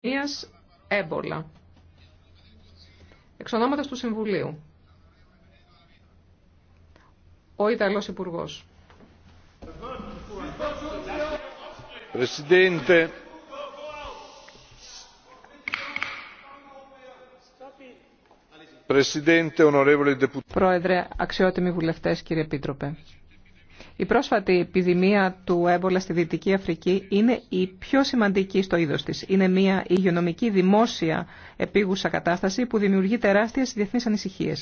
Ίας έμπολα. Εξ του Συμβουλίου. Ο Ιταλός Υπουργός. Πρόεδρε, αξιότιμοι βουλευτές, κύριε Επίτροπε. Η πρόσφατη επιδημία του έμπολα στη Δυτική Αφρική είναι η πιο σημαντική στο είδος της. Είναι μια υγειονομική δημόσια επίγουσα κατάσταση που δημιουργεί τεράστιες διεθνεί ανησυχίε.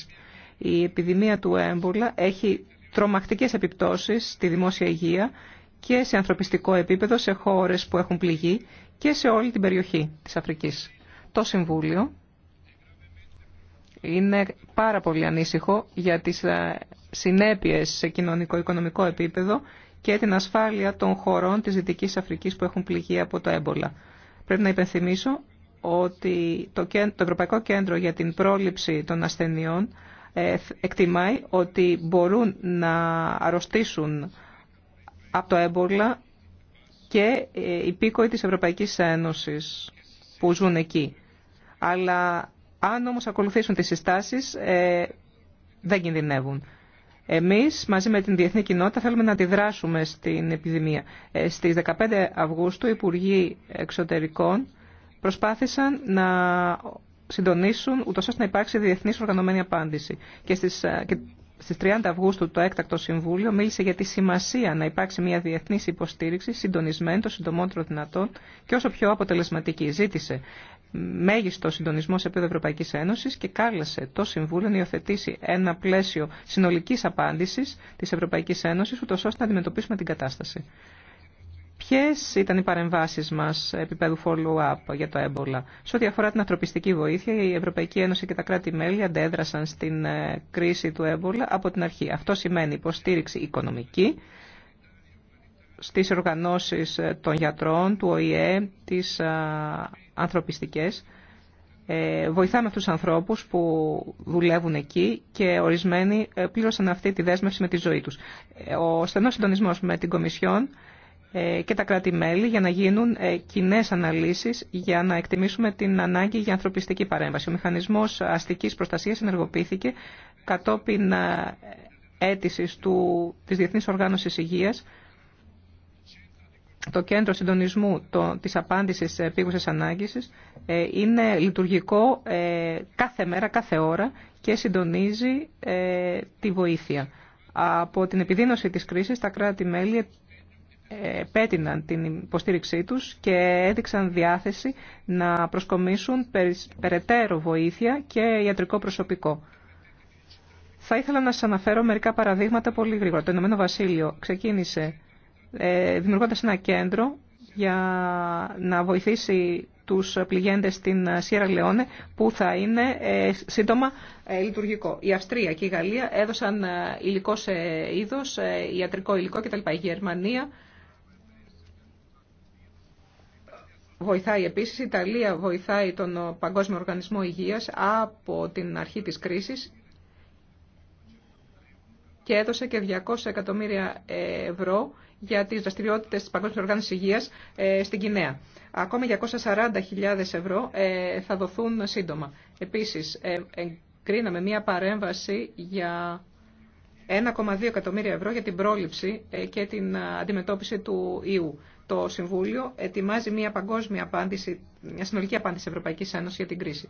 Η επιδημία του έμπολα έχει τρομακτικές επιπτώσεις στη δημόσια υγεία και σε ανθρωπιστικό επίπεδο σε χώρες που έχουν πληγεί και σε όλη την περιοχή της Αφρική. Το Συμβούλιο είναι πάρα πολύ ανήσυχο για τις ε, συνέπειες σε κοινωνικό-οικονομικό επίπεδο και την ασφάλεια των χωρών της Δυτικής Αφρικής που έχουν πληγεί από το έμπολα. Πρέπει να υπενθυμίσω ότι το, Ευρωπαϊκό Κέντρο για την Πρόληψη των Ασθενειών ε, εκτιμάει ότι μπορούν να αρρωστήσουν από το έμπολα και οι ε, πίκοοι της Ευρωπαϊκής Ένωσης που ζουν εκεί. Αλλά αν όμως ακολουθήσουν τις συστάσεις ε, δεν κινδυνεύουν. Εμείς μαζί με την διεθνή κοινότητα θέλουμε να αντιδράσουμε στην επιδημία. Ε, στις 15 Αυγούστου οι Υπουργοί Εξωτερικών προσπάθησαν να συντονίσουν ούτως ώστε να υπάρξει διεθνής οργανωμένη απάντηση. Και στις, ε, στις 30 Αυγούστου το έκτακτο συμβούλιο μίλησε για τη σημασία να υπάρξει μια διεθνής υποστήριξη συντονισμένη το συντομότερο δυνατόν και όσο πιο αποτελεσματική. Ζήτησε μέγιστο συντονισμό σε επίπεδο Ευρωπαϊκή Ένωση και κάλεσε το Συμβούλιο να υιοθετήσει ένα πλαίσιο συνολική απάντηση τη Ευρωπαϊκή Ένωση, ούτω ώστε να αντιμετωπίσουμε την κατάσταση. Ποιε ήταν οι παρεμβάσει μα επίπεδου follow-up για το έμπολα. Σε ό,τι αφορά την ανθρωπιστική βοήθεια, η Ευρωπαϊκή Ένωση και τα κράτη-μέλη αντέδρασαν στην ε, κρίση του έμπολα από την αρχή. Αυτό σημαίνει υποστήριξη οικονομική στις οργανώσεις των γιατρών, του ΟΗΕ, της ανθρωπιστικές. Ε, βοηθάμε τους ανθρώπους που δουλεύουν εκεί και ορισμένοι ε, πλήρωσαν αυτή τη δέσμευση με τη ζωή τους. Ε, ο στενός συντονισμός με την Κομισιόν και τα κράτη-μέλη για να γίνουν κοινέ αναλύσεις για να εκτιμήσουμε την ανάγκη για ανθρωπιστική παρέμβαση. Ο μηχανισμός αστικής προστασίας ενεργοποιήθηκε κατόπιν αίτησης του, της Διεθνής Οργάνωσης Υγείας το κέντρο συντονισμού το, της απάντησης ε, επίγουσας ε, είναι λειτουργικό ε, κάθε μέρα, κάθε ώρα και συντονίζει τη βοήθεια. Από την επιδείνωση της κρίσης τα κράτη-μέλη πέτειναν την υποστήριξή τους και έδειξαν διάθεση να προσκομίσουν περαιτέρω βοήθεια και ιατρικό προσωπικό. Θα ήθελα να σας αναφέρω μερικά παραδείγματα πολύ γρήγορα. Το Ηνωμένο Βασίλειο ξεκίνησε ε, δημιουργώντας ένα κέντρο για να βοηθήσει τους πληγέντες στην Σιέρα Λεόνε που θα είναι ε, σύντομα ε, λειτουργικό. Η Αυστρία και η Γαλλία έδωσαν υλικό σε είδος, ιατρικό υλικό κτλ. Η Γερμανία βοηθάει επίσης, η Ιταλία βοηθάει τον Παγκόσμιο Οργανισμό Υγείας από την αρχή της κρίσης και έδωσε και 200 εκατομμύρια ευρώ για τις δραστηριότητες της Παγκόσμιας Οργάνωσης Υγείας ε, στην Κινέα. Ακόμα 240.000 ευρώ ε, θα δοθούν σύντομα. Επίσης, ε, εγκρίναμε μία παρέμβαση για 1,2 εκατομμύρια ευρώ για την πρόληψη και την αντιμετώπιση του ιού. Το Συμβούλιο ετοιμάζει μια παγκόσμια απάντηση, μια συνολική απάντηση Ευρωπαϊκή Ένωση για την κρίση.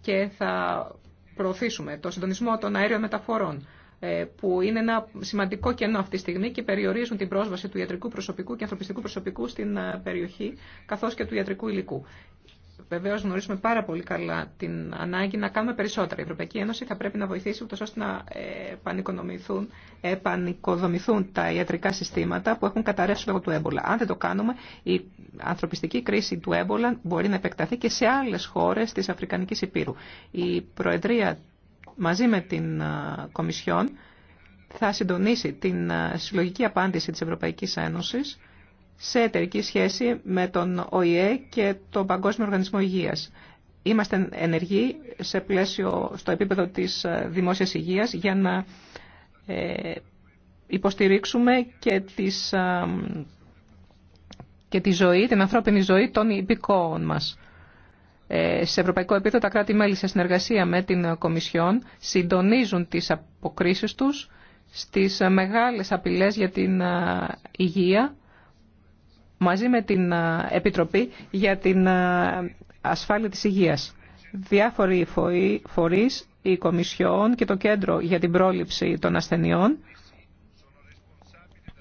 Και θα προωθήσουμε το συντονισμό των αέριων μεταφορών, ε, που είναι ένα σημαντικό κενό αυτή τη στιγμή και περιορίζουν την πρόσβαση του ιατρικού προσωπικού και ανθρωπιστικού προσωπικού στην ε, περιοχή, καθώ και του ιατρικού υλικού. Βεβαίω γνωρίζουμε πάρα πολύ καλά την ανάγκη να κάνουμε περισσότερα. Η Ευρωπαϊκή Ένωση θα πρέπει να βοηθήσει ούτω ώστε να επανοικοδομηθούν, επανοικοδομηθούν τα ιατρικά συστήματα που έχουν καταρρεύσει λόγω του έμπολα. Αν δεν το κάνουμε, η ανθρωπιστική κρίση του έμπολα μπορεί να επεκταθεί και σε άλλε χώρε τη Αφρικανική Υπήρου. Η Προεδρία μαζί με την ε, Κομισιόν θα συντονίσει την ε, συλλογική απάντηση της Ευρωπαϊκής Ένωσης σε εταιρική σχέση με τον ΟΗΕ και τον Παγκόσμιο Οργανισμό Υγείας. Είμαστε ενεργοί σε πλαίσιο, στο επίπεδο της ε, δημόσιας υγείας για να υποστηρίξουμε και, τις, και τη ζωή, την ανθρώπινη ζωή των υπηκόων μας. Ε, σε ευρωπαϊκό επίπεδο τα κράτη-μέλη σε συνεργασία με την Κομισιόν συντονίζουν τις αποκρίσεις τους στις μεγάλες απειλές για την ε, υγεία μαζί με την ε, Επιτροπή για την Ασφάλεια της Υγείας. Διάφοροι φορείς, η Κομισιόν και το Κέντρο για την Πρόληψη των Ασθενειών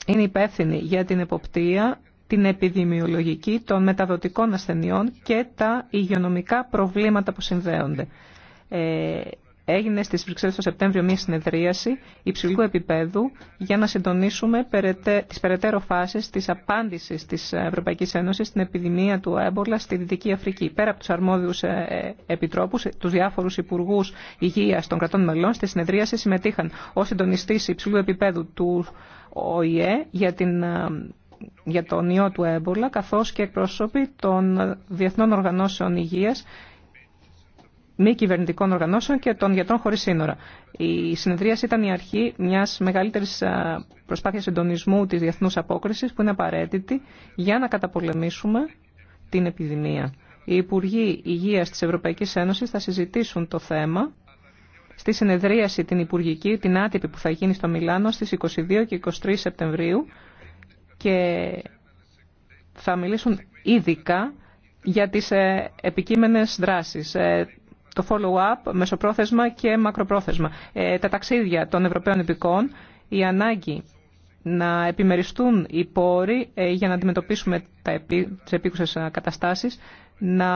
είναι υπεύθυνοι για την εποπτεία την επιδημιολογική των μεταδοτικών ασθενειών και τα υγειονομικά προβλήματα που συνδέονται. Ε, έγινε στις Βρυξέλλες το Σεπτέμβριο μια συνεδρίαση υψηλού επίπεδου για να συντονίσουμε τις περαιτέρω φάσεις της απάντησης της Ευρωπαϊκής Ένωσης στην επιδημία του έμπολα στη Δυτική Αφρική. Πέρα από τους αρμόδιους ε, επιτρόπους, τους διάφορους υπουργούς υγείας των κρατών μελών, στη συνεδρίαση συμμετείχαν ως συντονιστής υψηλού επίπεδου του ΟΗΕ για την για τον ιό του έμπολα, καθώς και εκπρόσωποι των Διεθνών Οργανώσεων Υγείας, μη κυβερνητικών οργανώσεων και των γιατρών χωρίς σύνορα. Η συνεδρίαση ήταν η αρχή μιας μεγαλύτερης προσπάθειας συντονισμού της διεθνούς απόκρισης που είναι απαραίτητη για να καταπολεμήσουμε την επιδημία. Οι Υπουργοί Υγεία της Ευρωπαϊκής Ένωσης θα συζητήσουν το θέμα στη συνεδρίαση την Υπουργική, την άτυπη που θα γίνει στο Μιλάνο στις 22 και 23 Σεπτεμβρίου και θα μιλήσουν ειδικά για τις ε, επικείμενες δράσεις, ε, το follow-up, μεσοπρόθεσμα και μακροπρόθεσμα, ε, τα ταξίδια των Ευρωπαίων υπηκών, η ανάγκη να επιμεριστούν οι πόροι για να αντιμετωπίσουμε τις επίκουσες καταστάσεις, να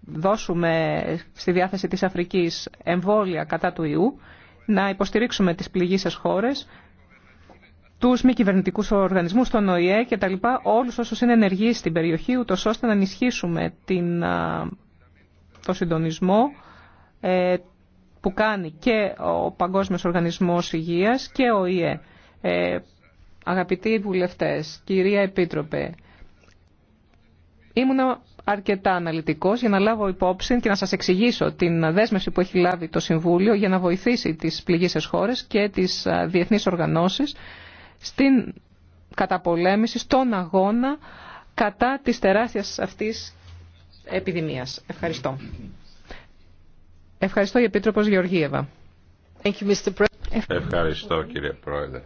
δώσουμε στη διάθεση της Αφρικής εμβόλια κατά του ιού, να υποστηρίξουμε τις πληγήσεις χώρες, τους μη κυβερνητικού οργανισμούς, τον ΟΗΕ και τα λοιπά, όλους όσους είναι ενεργοί στην περιοχή, ούτω ώστε να ενισχύσουμε την, το συντονισμό ε, που κάνει και ο Παγκόσμιος Οργανισμός Υγείας και ο ΙΕ. Ε, αγαπητοί βουλευτές, κυρία Επίτροπε, ήμουν αρκετά αναλυτικός για να λάβω υπόψη και να σας εξηγήσω την δέσμευση που έχει λάβει το Συμβούλιο για να βοηθήσει τις πληγήσεις χώρες και τις διεθνείς οργανώσεις στην καταπολέμηση, στον αγώνα κατά της τεράστιας αυτής επιδημίας. Ευχαριστώ. Ευχαριστώ η Επίτροπος Γεωργίευα. Ευχαριστώ κύριε Πρόεδρε.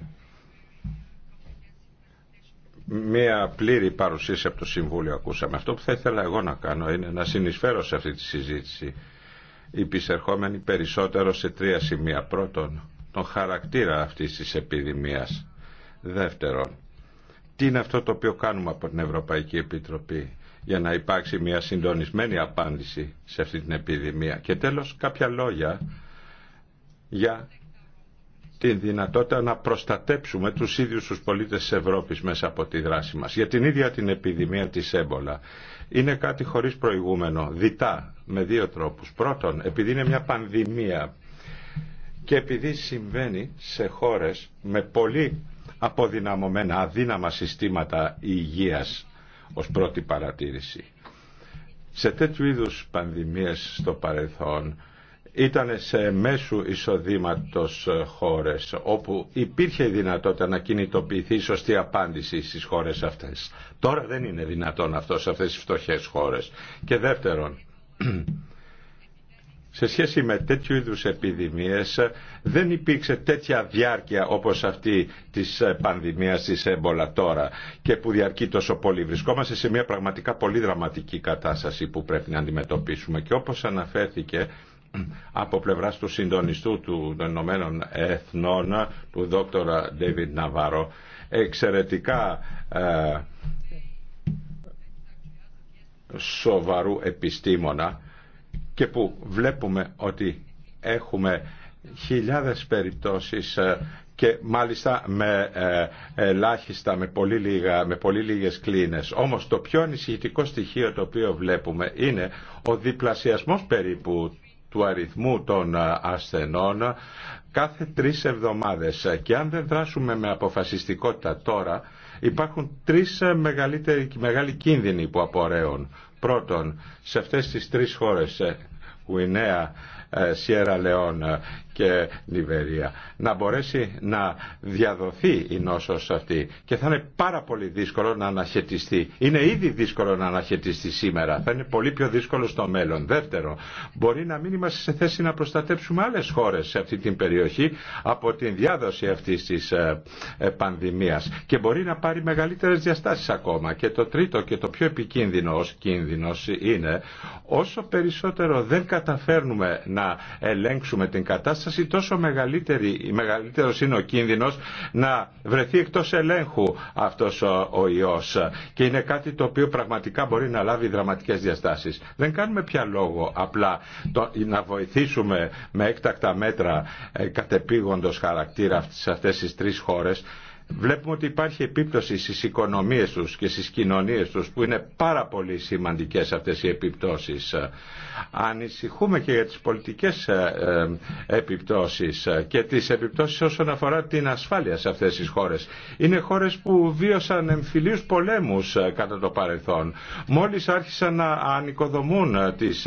Μία πλήρη παρουσίαση από το Συμβούλιο ακούσαμε. Αυτό που θα ήθελα εγώ να κάνω είναι να συνεισφέρω σε αυτή τη συζήτηση υπησερχόμενη περισσότερο σε τρία σημεία. Πρώτον, τον χαρακτήρα αυτής της επιδημίας Δεύτερον, τι είναι αυτό το οποίο κάνουμε από την Ευρωπαϊκή Επιτροπή για να υπάρξει μια συντονισμένη απάντηση σε αυτή την επιδημία. Και τέλος κάποια λόγια για την δυνατότητα να προστατέψουμε τους ίδιους τους πολίτες της Ευρώπης μέσα από τη δράση μας. Για την ίδια την επιδημία της έμπολα. Είναι κάτι χωρίς προηγούμενο, διτά, με δύο τρόπους. Πρώτον, επειδή είναι μια πανδημία και επειδή συμβαίνει σε χώρες με πολύ αποδυναμωμένα, αδύναμα συστήματα υγείας ως πρώτη παρατήρηση. Σε τέτοιου είδους πανδημίες στο παρελθόν ήταν σε μέσου εισοδήματος χώρες όπου υπήρχε η δυνατότητα να κινητοποιηθεί η σωστή απάντηση στις χώρες αυτές. Τώρα δεν είναι δυνατόν αυτό σε αυτές τις φτωχές χώρες. Και δεύτερον, σε σχέση με τέτοιου είδους επιδημίες δεν υπήρξε τέτοια διάρκεια όπως αυτή της πανδημίας της έμπολα τώρα και που διαρκεί τόσο πολύ. Βρισκόμαστε σε μια πραγματικά πολύ δραματική κατάσταση που πρέπει να αντιμετωπίσουμε και όπως αναφέρθηκε από πλευράς του συντονιστού του των Ηνωμένων Εθνών του δόκτωρα Ντέιβιντ Ναβάρο εξαιρετικά ε, σοβαρού επιστήμονα και που βλέπουμε ότι έχουμε χιλιάδες περιπτώσεις ε, και μάλιστα με ε, ελάχιστα, με πολύ, λίγα, με πολύ λίγες κλίνες. Όμως το πιο ανησυχητικό στοιχείο το οποίο βλέπουμε είναι ο διπλασιασμός περίπου του αριθμού των ε, ασθενών κάθε τρεις εβδομάδες και αν δεν δράσουμε με αποφασιστικότητα τώρα υπάρχουν τρεις μεγαλύτεροι, μεγάλοι κίνδυνοι που απορρέουν. Πρώτον, σε αυτές τις τρεις χώρες, ε, Γουινέα, ε, Σιέρα Λεόν ε, και Λιβερία να μπορέσει να διαδοθεί η νόσος αυτή και θα είναι πάρα πολύ δύσκολο να αναχαιτιστεί είναι ήδη δύσκολο να αναχαιτιστεί σήμερα θα είναι πολύ πιο δύσκολο στο μέλλον δεύτερο μπορεί να μην είμαστε σε θέση να προστατέψουμε άλλες χώρες σε αυτή την περιοχή από την διάδοση αυτής της ε, ε, πανδημίας και μπορεί να πάρει μεγαλύτερες διαστάσεις ακόμα και το τρίτο και το πιο επικίνδυνο ως κίνδυνος είναι όσο περισσότερο δεν καταφέρνουμε να ελέγξουμε την κατάσταση κατάσταση τόσο μεγαλύτερη, μεγαλύτερος είναι ο κίνδυνος να βρεθεί εκτός ελέγχου αυτός ο, ο ιός και είναι κάτι το οποίο πραγματικά μπορεί να λάβει δραματικές διαστάσεις. Δεν κάνουμε πια λόγο απλά το, να βοηθήσουμε με έκτακτα μέτρα ε, κατεπήγοντος χαρακτήρα σε αυτές τις τρεις χώρες βλέπουμε ότι υπάρχει επίπτωση στις οικονομίες τους και στις κοινωνίες τους που είναι πάρα πολύ σημαντικές αυτές οι επιπτώσεις. Ανησυχούμε και για τις πολιτικές ε, ε, επιπτώσεις ε, και τις επιπτώσεις όσον αφορά την ασφάλεια σε αυτές τις χώρες. Είναι χώρες που βίωσαν εμφυλίους πολέμους κατά το παρελθόν. Μόλις άρχισαν να ανοικοδομούν τις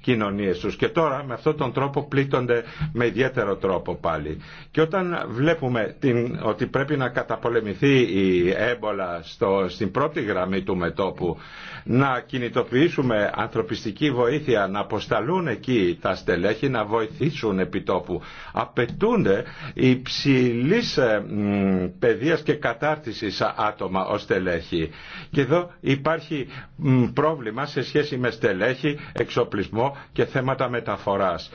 κοινωνίες τους και τώρα με αυτόν τον τρόπο πλήττονται με ιδιαίτερο τρόπο πάλι. Και όταν βλέπουμε την, ότι πρέπει να καταπολεμηθεί η έμπολα στο, στην πρώτη γραμμή του μετόπου, να κινητοποιήσουμε ανθρωπιστική βοήθεια, να αποσταλούν εκεί τα στελέχη, να βοηθήσουν επιτόπου. Απαιτούνται υψηλή ε, παιδείας και κατάρτισης άτομα ως στελέχη. Και εδώ υπάρχει πρόβλημα σε σχέση με στελέχη, εξοπλισμό και θέματα μεταφοράς.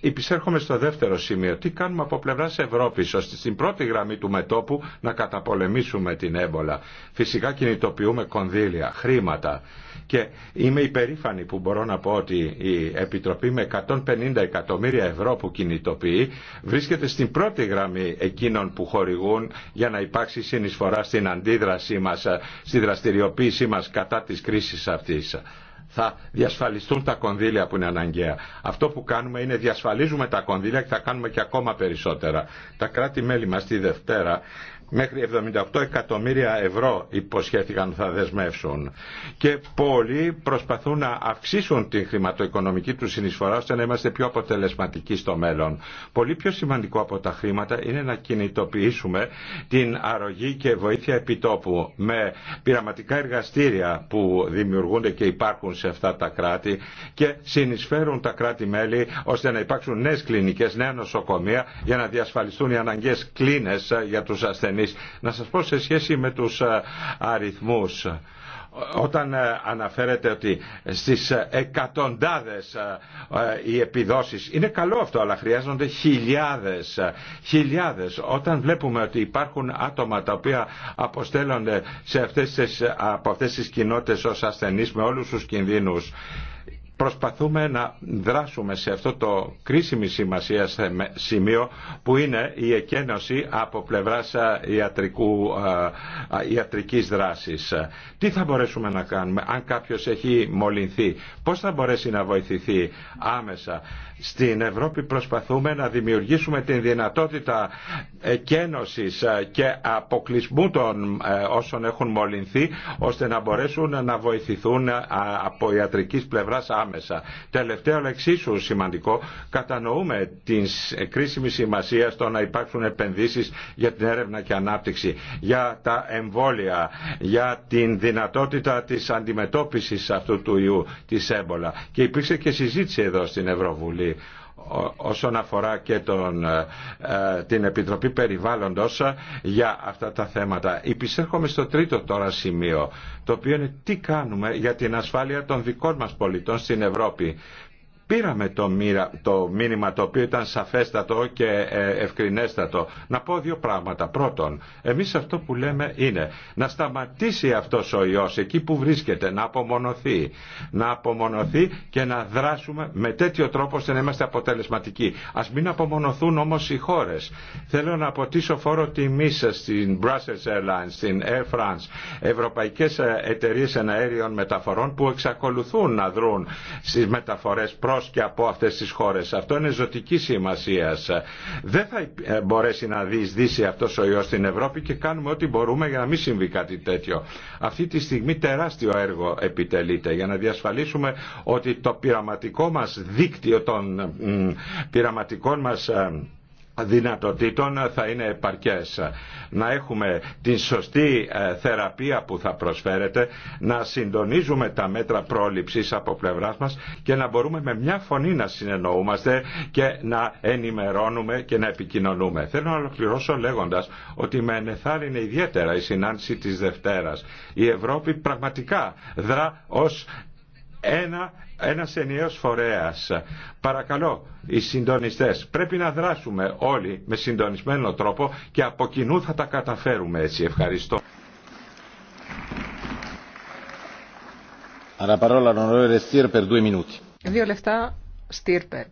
Υπησέρχομαι στο δεύτερο σημείο. Τι κάνουμε από πλευρά Ευρώπη, ώστε στην πρώτη γραμμή του μετόπου να καταπολεμήσουμε την έμπολα. Φυσικά κινητοποιούμε κονδύλια, χρήματα. Και είμαι υπερήφανη που μπορώ να πω ότι η Επιτροπή με 150 εκατομμύρια ευρώ που κινητοποιεί βρίσκεται στην πρώτη γραμμή εκείνων που χορηγούν για να υπάρξει συνεισφορά στην αντίδρασή μας, στη δραστηριοποίησή μας κατά της κρίσης αυτής θα διασφαλιστούν τα κονδύλια που είναι αναγκαία. Αυτό που κάνουμε είναι διασφαλίζουμε τα κονδύλια και θα κάνουμε και ακόμα περισσότερα. Τα κράτη-μέλη μας τη Δευτέρα μέχρι 78 εκατομμύρια ευρώ υποσχέθηκαν θα δεσμεύσουν. Και πολλοί προσπαθούν να αυξήσουν την χρηματοοικονομική του συνεισφορά ώστε να είμαστε πιο αποτελεσματικοί στο μέλλον. Πολύ πιο σημαντικό από τα χρήματα είναι να κινητοποιήσουμε την αρρωγή και βοήθεια επιτόπου με πειραματικά εργαστήρια που δημιουργούνται και υπάρχουν σε αυτά τα κράτη και συνεισφέρουν τα κράτη-μέλη ώστε να υπάρξουν νέες κλινικές, νέα νοσοκομεία για να διασφαλιστούν οι αναγκαίε κλίνες για τους ασθενείς να σας πω σε σχέση με τους ε, αριθμούς όταν ε, αναφέρεται ότι στις ε, εκατοντάδες οι επιδόσεις είναι καλό αυτό αλλά χρειάζονται χιλιάδες χιλιάδες όταν βλέπουμε ότι υπάρχουν άτομα τα οποία αποστέλλονται σε αυτές τις, από αυτές τις κοινότητες ως ασθενείς με όλους τους κινδύνους προσπαθούμε να δράσουμε σε αυτό το κρίσιμη σημασία σημείο που είναι η εκένωση από πλευράς ιατρικού, ιατρικής δράσης. Τι θα μπορέσουμε να κάνουμε αν κάποιος έχει μολυνθεί, πώς θα μπορέσει να βοηθηθεί άμεσα. Στην Ευρώπη προσπαθούμε να δημιουργήσουμε την δυνατότητα ε, κένωσης ε, και αποκλεισμού των ε, όσων έχουν μολυνθεί ώστε να μπορέσουν να βοηθηθούν από ιατρικής πλευράς άμεσα. Τελευταίο αλλά εξίσου σημαντικό, κατανοούμε την κρίσιμη σημασία στο να υπάρξουν επενδύσεις για την έρευνα και ανάπτυξη, για τα εμβόλια, για την δυνατότητα της αντιμετώπισης αυτού του ιού, της έμπολα. Και υπήρξε και συζήτηση εδώ στην Ευρωβουλή όσον αφορά και τον, ε, ε, την Επιτροπή Περιβάλλοντος ε, για αυτά τα θέματα. Υπησέρχομαι στο τρίτο τώρα σημείο, το οποίο είναι τι κάνουμε για την ασφάλεια των δικών μας πολιτών στην Ευρώπη. Πήραμε το, μήνυμα το οποίο ήταν σαφέστατο και ε, ευκρινέστατο. Να πω δύο πράγματα. Πρώτον, εμείς αυτό που λέμε είναι να σταματήσει αυτός ο ιός εκεί που βρίσκεται, να απομονωθεί. Να απομονωθεί και να δράσουμε με τέτοιο τρόπο ώστε να είμαστε αποτελεσματικοί. Ας μην απομονωθούν όμως οι χώρες. Θέλω να αποτίσω φόρο τιμή στην Brussels Airlines, στην Air France, ευρωπαϊκές ε, εταιρείες εναέριων μεταφορών που εξακολουθούν να δρουν στις μεταφορές πρώτα και από αυτές τις χώρες. Αυτό είναι ζωτική σημασία. Δεν θα ε, μπορέσει να διεισδύσει αυτός ο ιός στην Ευρώπη και κάνουμε ό,τι μπορούμε για να μην συμβεί κάτι τέτοιο. Αυτή τη στιγμή τεράστιο έργο επιτελείται για να διασφαλίσουμε ότι το πειραματικό μας δίκτυο των πειραματικών μας ε, δυνατοτήτων θα είναι επαρκές. Να έχουμε την σωστή ε, θεραπεία που θα προσφέρεται, να συντονίζουμε τα μέτρα πρόληψης από πλευράς μας και να μπορούμε με μια φωνή να συνεννοούμαστε και να ενημερώνουμε και να επικοινωνούμε. Θέλω να ολοκληρώσω λέγοντας ότι με ενεθάρρυνε ιδιαίτερα η συνάντηση της Δευτέρας. Η Ευρώπη πραγματικά δρά ως ένα, ένας ενιαίος φορέας. Παρακαλώ, οι συντονιστές, πρέπει να δράσουμε όλοι με συντονισμένο τρόπο και από κοινού θα τα καταφέρουμε έτσι. Ευχαριστώ. Δύο λεφτά, Στύρπερ.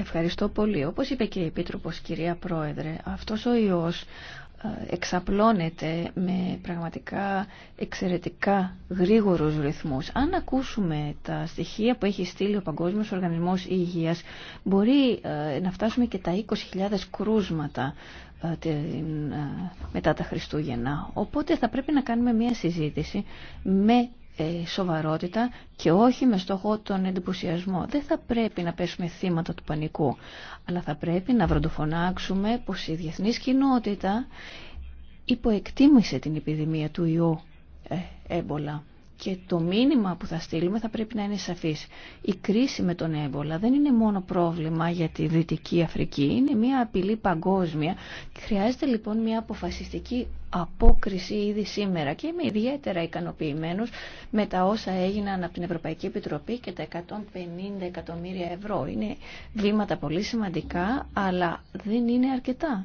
Ευχαριστώ πολύ. Όπως είπε και η Επίτροπος, κυρία Πρόεδρε, αυτός ο ιός εξαπλώνεται με πραγματικά εξαιρετικά γρήγορους ρυθμούς. Αν ακούσουμε τα στοιχεία που έχει στείλει ο Παγκόσμιος Οργανισμός Υγείας, μπορεί ε, να φτάσουμε και τα 20.000 κρούσματα ε, ε, μετά τα Χριστούγεννα. Οπότε θα πρέπει να κάνουμε μια συζήτηση με ε, σοβαρότητα και όχι με στόχο τον εντυπωσιασμό. Δεν θα πρέπει να πέσουμε θύματα του πανικού, αλλά θα πρέπει να βροντοφωνάξουμε πως η διεθνή κοινότητα υποεκτίμησε την επιδημία του ιού ε, έμπολα και το μήνυμα που θα στείλουμε θα πρέπει να είναι σαφής. Η κρίση με τον έμπολα δεν είναι μόνο πρόβλημα για τη Δυτική Αφρική, είναι μια απειλή παγκόσμια. Χρειάζεται λοιπόν μια αποφασιστική απόκριση ήδη σήμερα και είμαι ιδιαίτερα ικανοποιημένος με τα όσα έγιναν από την Ευρωπαϊκή Επιτροπή και τα 150 εκατομμύρια ευρώ. Είναι βήματα πολύ σημαντικά, αλλά δεν είναι αρκετά.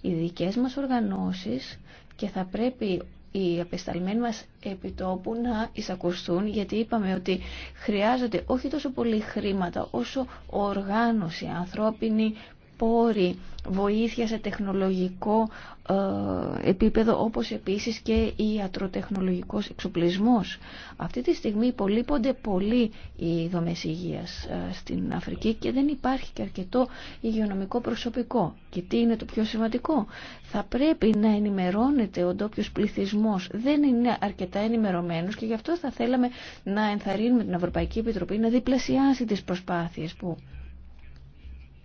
Οι δικές μας οργανώσεις και θα πρέπει οι απεσταλμένοι μας επιτόπου να εισακουστούν γιατί είπαμε ότι χρειάζονται όχι τόσο πολύ χρήματα όσο οργάνωση, ανθρώπινη πόροι, βοήθεια σε τεχνολογικό ε, επίπεδο, όπως επίσης και η ιατροτεχνολογικός εξοπλισμός. Αυτή τη στιγμή υπολείπονται πολύ οι δομές υγείας ε, στην Αφρική και δεν υπάρχει και αρκετό υγειονομικό προσωπικό. Και τι είναι το πιο σημαντικό. Θα πρέπει να ενημερώνεται ο ντόπιο πληθυσμό. Δεν είναι αρκετά ενημερωμένο και γι' αυτό θα θέλαμε να ενθαρρύνουμε την Ευρωπαϊκή Επιτροπή να διπλασιάσει τι προσπάθειε που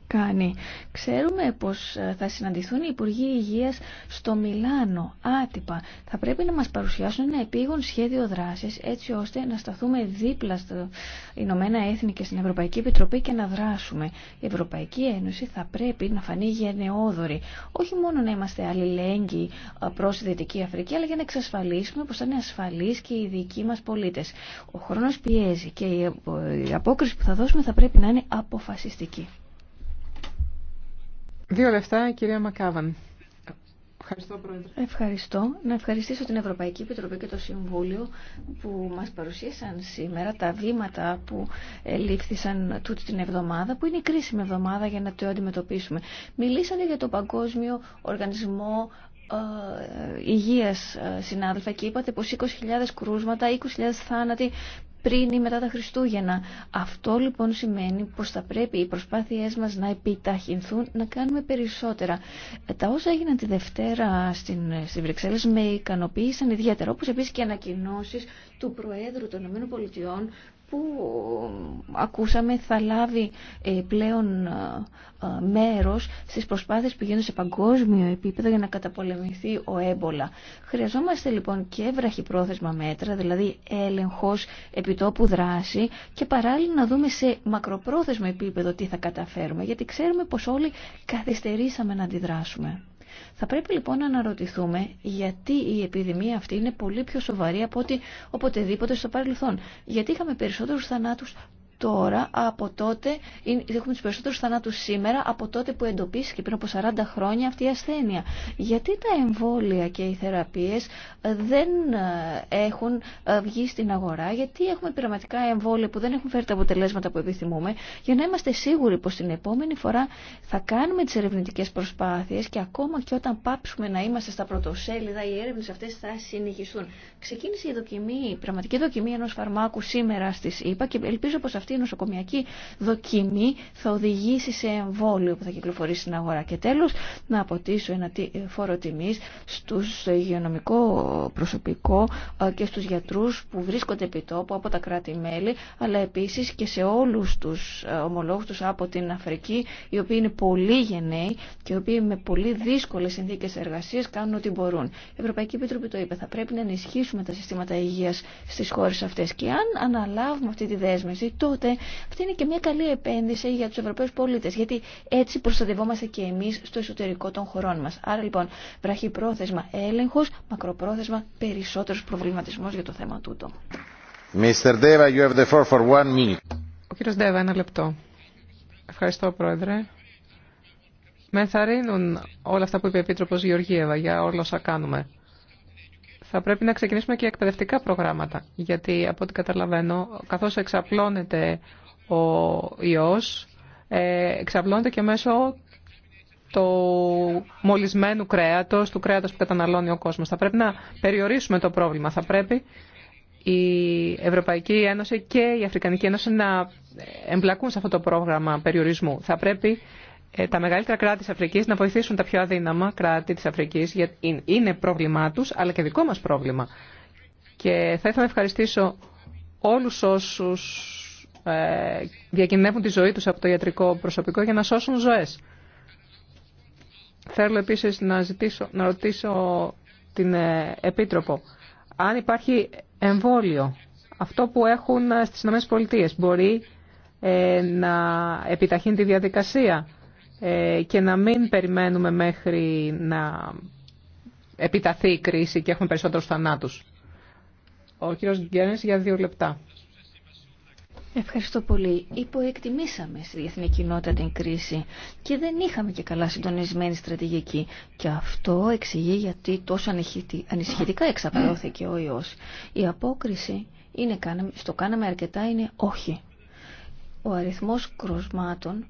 κάνει. Ξέρουμε πως ε, θα συναντηθούν οι Υπουργοί Υγείας στο Μιλάνο, άτυπα. Θα πρέπει να μας παρουσιάσουν ένα επίγον σχέδιο δράσης έτσι ώστε να σταθούμε δίπλα στα Ηνωμένα Έθνη και στην Ευρωπαϊκή Επιτροπή και να δράσουμε. Η Ευρωπαϊκή Ένωση θα πρέπει να φανεί γενναιόδορη. Όχι μόνο να είμαστε αλληλέγγυοι ε, προς τη Δυτική Αφρική, αλλά για να εξασφαλίσουμε πως θα είναι ασφαλείς και οι δικοί μας πολίτες. Ο χρόνος πιέζει και η ε, απόκριση που θα δώσουμε θα πρέπει να είναι αποφασιστική. Δύο λεφτά, κυρία Μακάβαν. Ευχαριστώ, Πρόεδρε. Ευχαριστώ. Να ευχαριστήσω την Ευρωπαϊκή Επιτροπή και το Συμβούλιο που μας παρουσίασαν σήμερα τα βήματα που λήφθησαν τούτη την εβδομάδα, που είναι η κρίσιμη εβδομάδα για να το αντιμετωπίσουμε. Μιλήσατε για το Παγκόσμιο Οργανισμό ε, υγείας ε, συνάδελφα και είπατε πως 20.000 κρούσματα, 20.000 θάνατοι πριν ή μετά τα Χριστούγεννα. Αυτό λοιπόν σημαίνει πως θα πρέπει οι προσπάθειές μας να επιταχυνθούν, να κάνουμε περισσότερα. Ε, τα όσα έγιναν τη Δευτέρα στην, στην Βρυξέλλες με ικανοποίησαν ιδιαίτερα, όπως επίσης και ανακοινώσει του Προέδρου των ΗΠΑ που ακούσαμε θα λάβει ε, πλέον ε, ε, μέρος στις προσπάθειες που γίνονται σε παγκόσμιο επίπεδο για να καταπολεμηθεί ο έμπολα. Χρειαζόμαστε λοιπόν και πρόθεσμα μέτρα, δηλαδή έλεγχος επιτόπου δράση και παράλληλα να δούμε σε μακροπρόθεσμο επίπεδο τι θα καταφέρουμε, γιατί ξέρουμε πως όλοι καθυστερήσαμε να αντιδράσουμε. Θα πρέπει λοιπόν να αναρωτηθούμε γιατί η επιδημία αυτή είναι πολύ πιο σοβαρή από ό,τι οποτεδήποτε στο παρελθόν. Γιατί είχαμε περισσότερους θανάτους τώρα από τότε, έχουμε τους περισσότερους θανάτους σήμερα από τότε που εντοπίστηκε πριν από 40 χρόνια αυτή η ασθένεια. Γιατί τα εμβόλια και οι θεραπείε ε, δεν ε, έχουν ε, βγει στην αγορά, γιατί έχουμε πειραματικά εμβόλια που δεν έχουν φέρει τα αποτελέσματα που επιθυμούμε, για να είμαστε σίγουροι πω την επόμενη φορά θα κάνουμε τι ερευνητικέ προσπάθειε και ακόμα και όταν πάψουμε να είμαστε στα πρωτοσέλιδα, οι έρευνε αυτέ θα συνεχιστούν. Ξεκίνησε η δοκιμή, η πραγματική δοκιμή ενό φαρμάκου σήμερα στι ΗΠΑ και ελπίζω πω αυτή αυτή η νοσοκομιακή δοκιμή θα οδηγήσει σε εμβόλιο που θα κυκλοφορήσει στην αγορά. Και τέλος να αποτίσω ένα φόρο τιμής στους υγειονομικό προσωπικό ε, και στους γιατρούς που βρίσκονται επί τόπου από τα κράτη-μέλη αλλά επίσης και σε όλους τους ε, ομολόγους τους από την Αφρική οι οποίοι είναι πολύ γενναίοι και οι οποίοι με πολύ δύσκολες συνθήκες εργασίας κάνουν ό,τι μπορούν. Η Ευρωπαϊκή Επιτροπή το είπε, θα πρέπει να ενισχύσουμε τα συστήματα υγείας στις χώρες αυτές και αν αναλάβουμε αυτή τη δέσμευση τότε Οπότε αυτή είναι και μια καλή επένδυση για τους Ευρωπαίους πολίτες, γιατί έτσι προστατευόμαστε και εμείς στο εσωτερικό των χωρών μας. Άρα λοιπόν, βραχυπρόθεσμα έλεγχος, μακροπρόθεσμα περισσότερο προβληματισμό για το θέμα τούτο. Mr. Deva, you have the floor for one minute. Ο κύριος Ντέβα, ένα λεπτό. Ευχαριστώ, Πρόεδρε. Με θαρρύνουν όλα αυτά που είπε η Επίτροπος Γεωργίευα για όλα όσα κάνουμε θα πρέπει να ξεκινήσουμε και εκπαιδευτικά προγράμματα. Γιατί από ό,τι καταλαβαίνω, καθώς εξαπλώνεται ο ιός, ε, εξαπλώνεται και μέσω του μολυσμένου κρέατος, του κρέατος που καταναλώνει ο κόσμος. Θα πρέπει να περιορίσουμε το πρόβλημα. Θα πρέπει η Ευρωπαϊκή Ένωση και η Αφρικανική Ένωση να εμπλακούν σε αυτό το πρόγραμμα περιορισμού. Θα πρέπει ε, τα μεγαλύτερα κράτη της Αφρικής να βοηθήσουν τα πιο αδύναμα κράτη της Αφρικής γιατί είναι πρόβλημά τους αλλά και δικό μας πρόβλημα. Και θα ήθελα να ευχαριστήσω όλους όσους ε, διακινδυνεύουν τη ζωή τους από το ιατρικό προσωπικό για να σώσουν ζωές. Θέλω επίσης να, ζητήσω, να ρωτήσω την ε, Επίτροπο αν υπάρχει εμβόλιο αυτό που έχουν στις ΗΠΑ μπορεί να επιταχύνει τη διαδικασία ε, και να μην περιμένουμε μέχρι να επιταθεί η κρίση και έχουμε περισσότερους θανάτους. Ο κύριος Γκέρνης για δύο λεπτά. Ευχαριστώ πολύ. Υποεκτιμήσαμε στη διεθνή κοινότητα την κρίση και δεν είχαμε και καλά συντονισμένη στρατηγική. Και αυτό εξηγεί γιατί τόσο ανησυχητικά εξαπλώθηκε ο ιός. Η απόκριση είναι, στο κάναμε αρκετά είναι όχι. Ο αριθμός κροσμάτων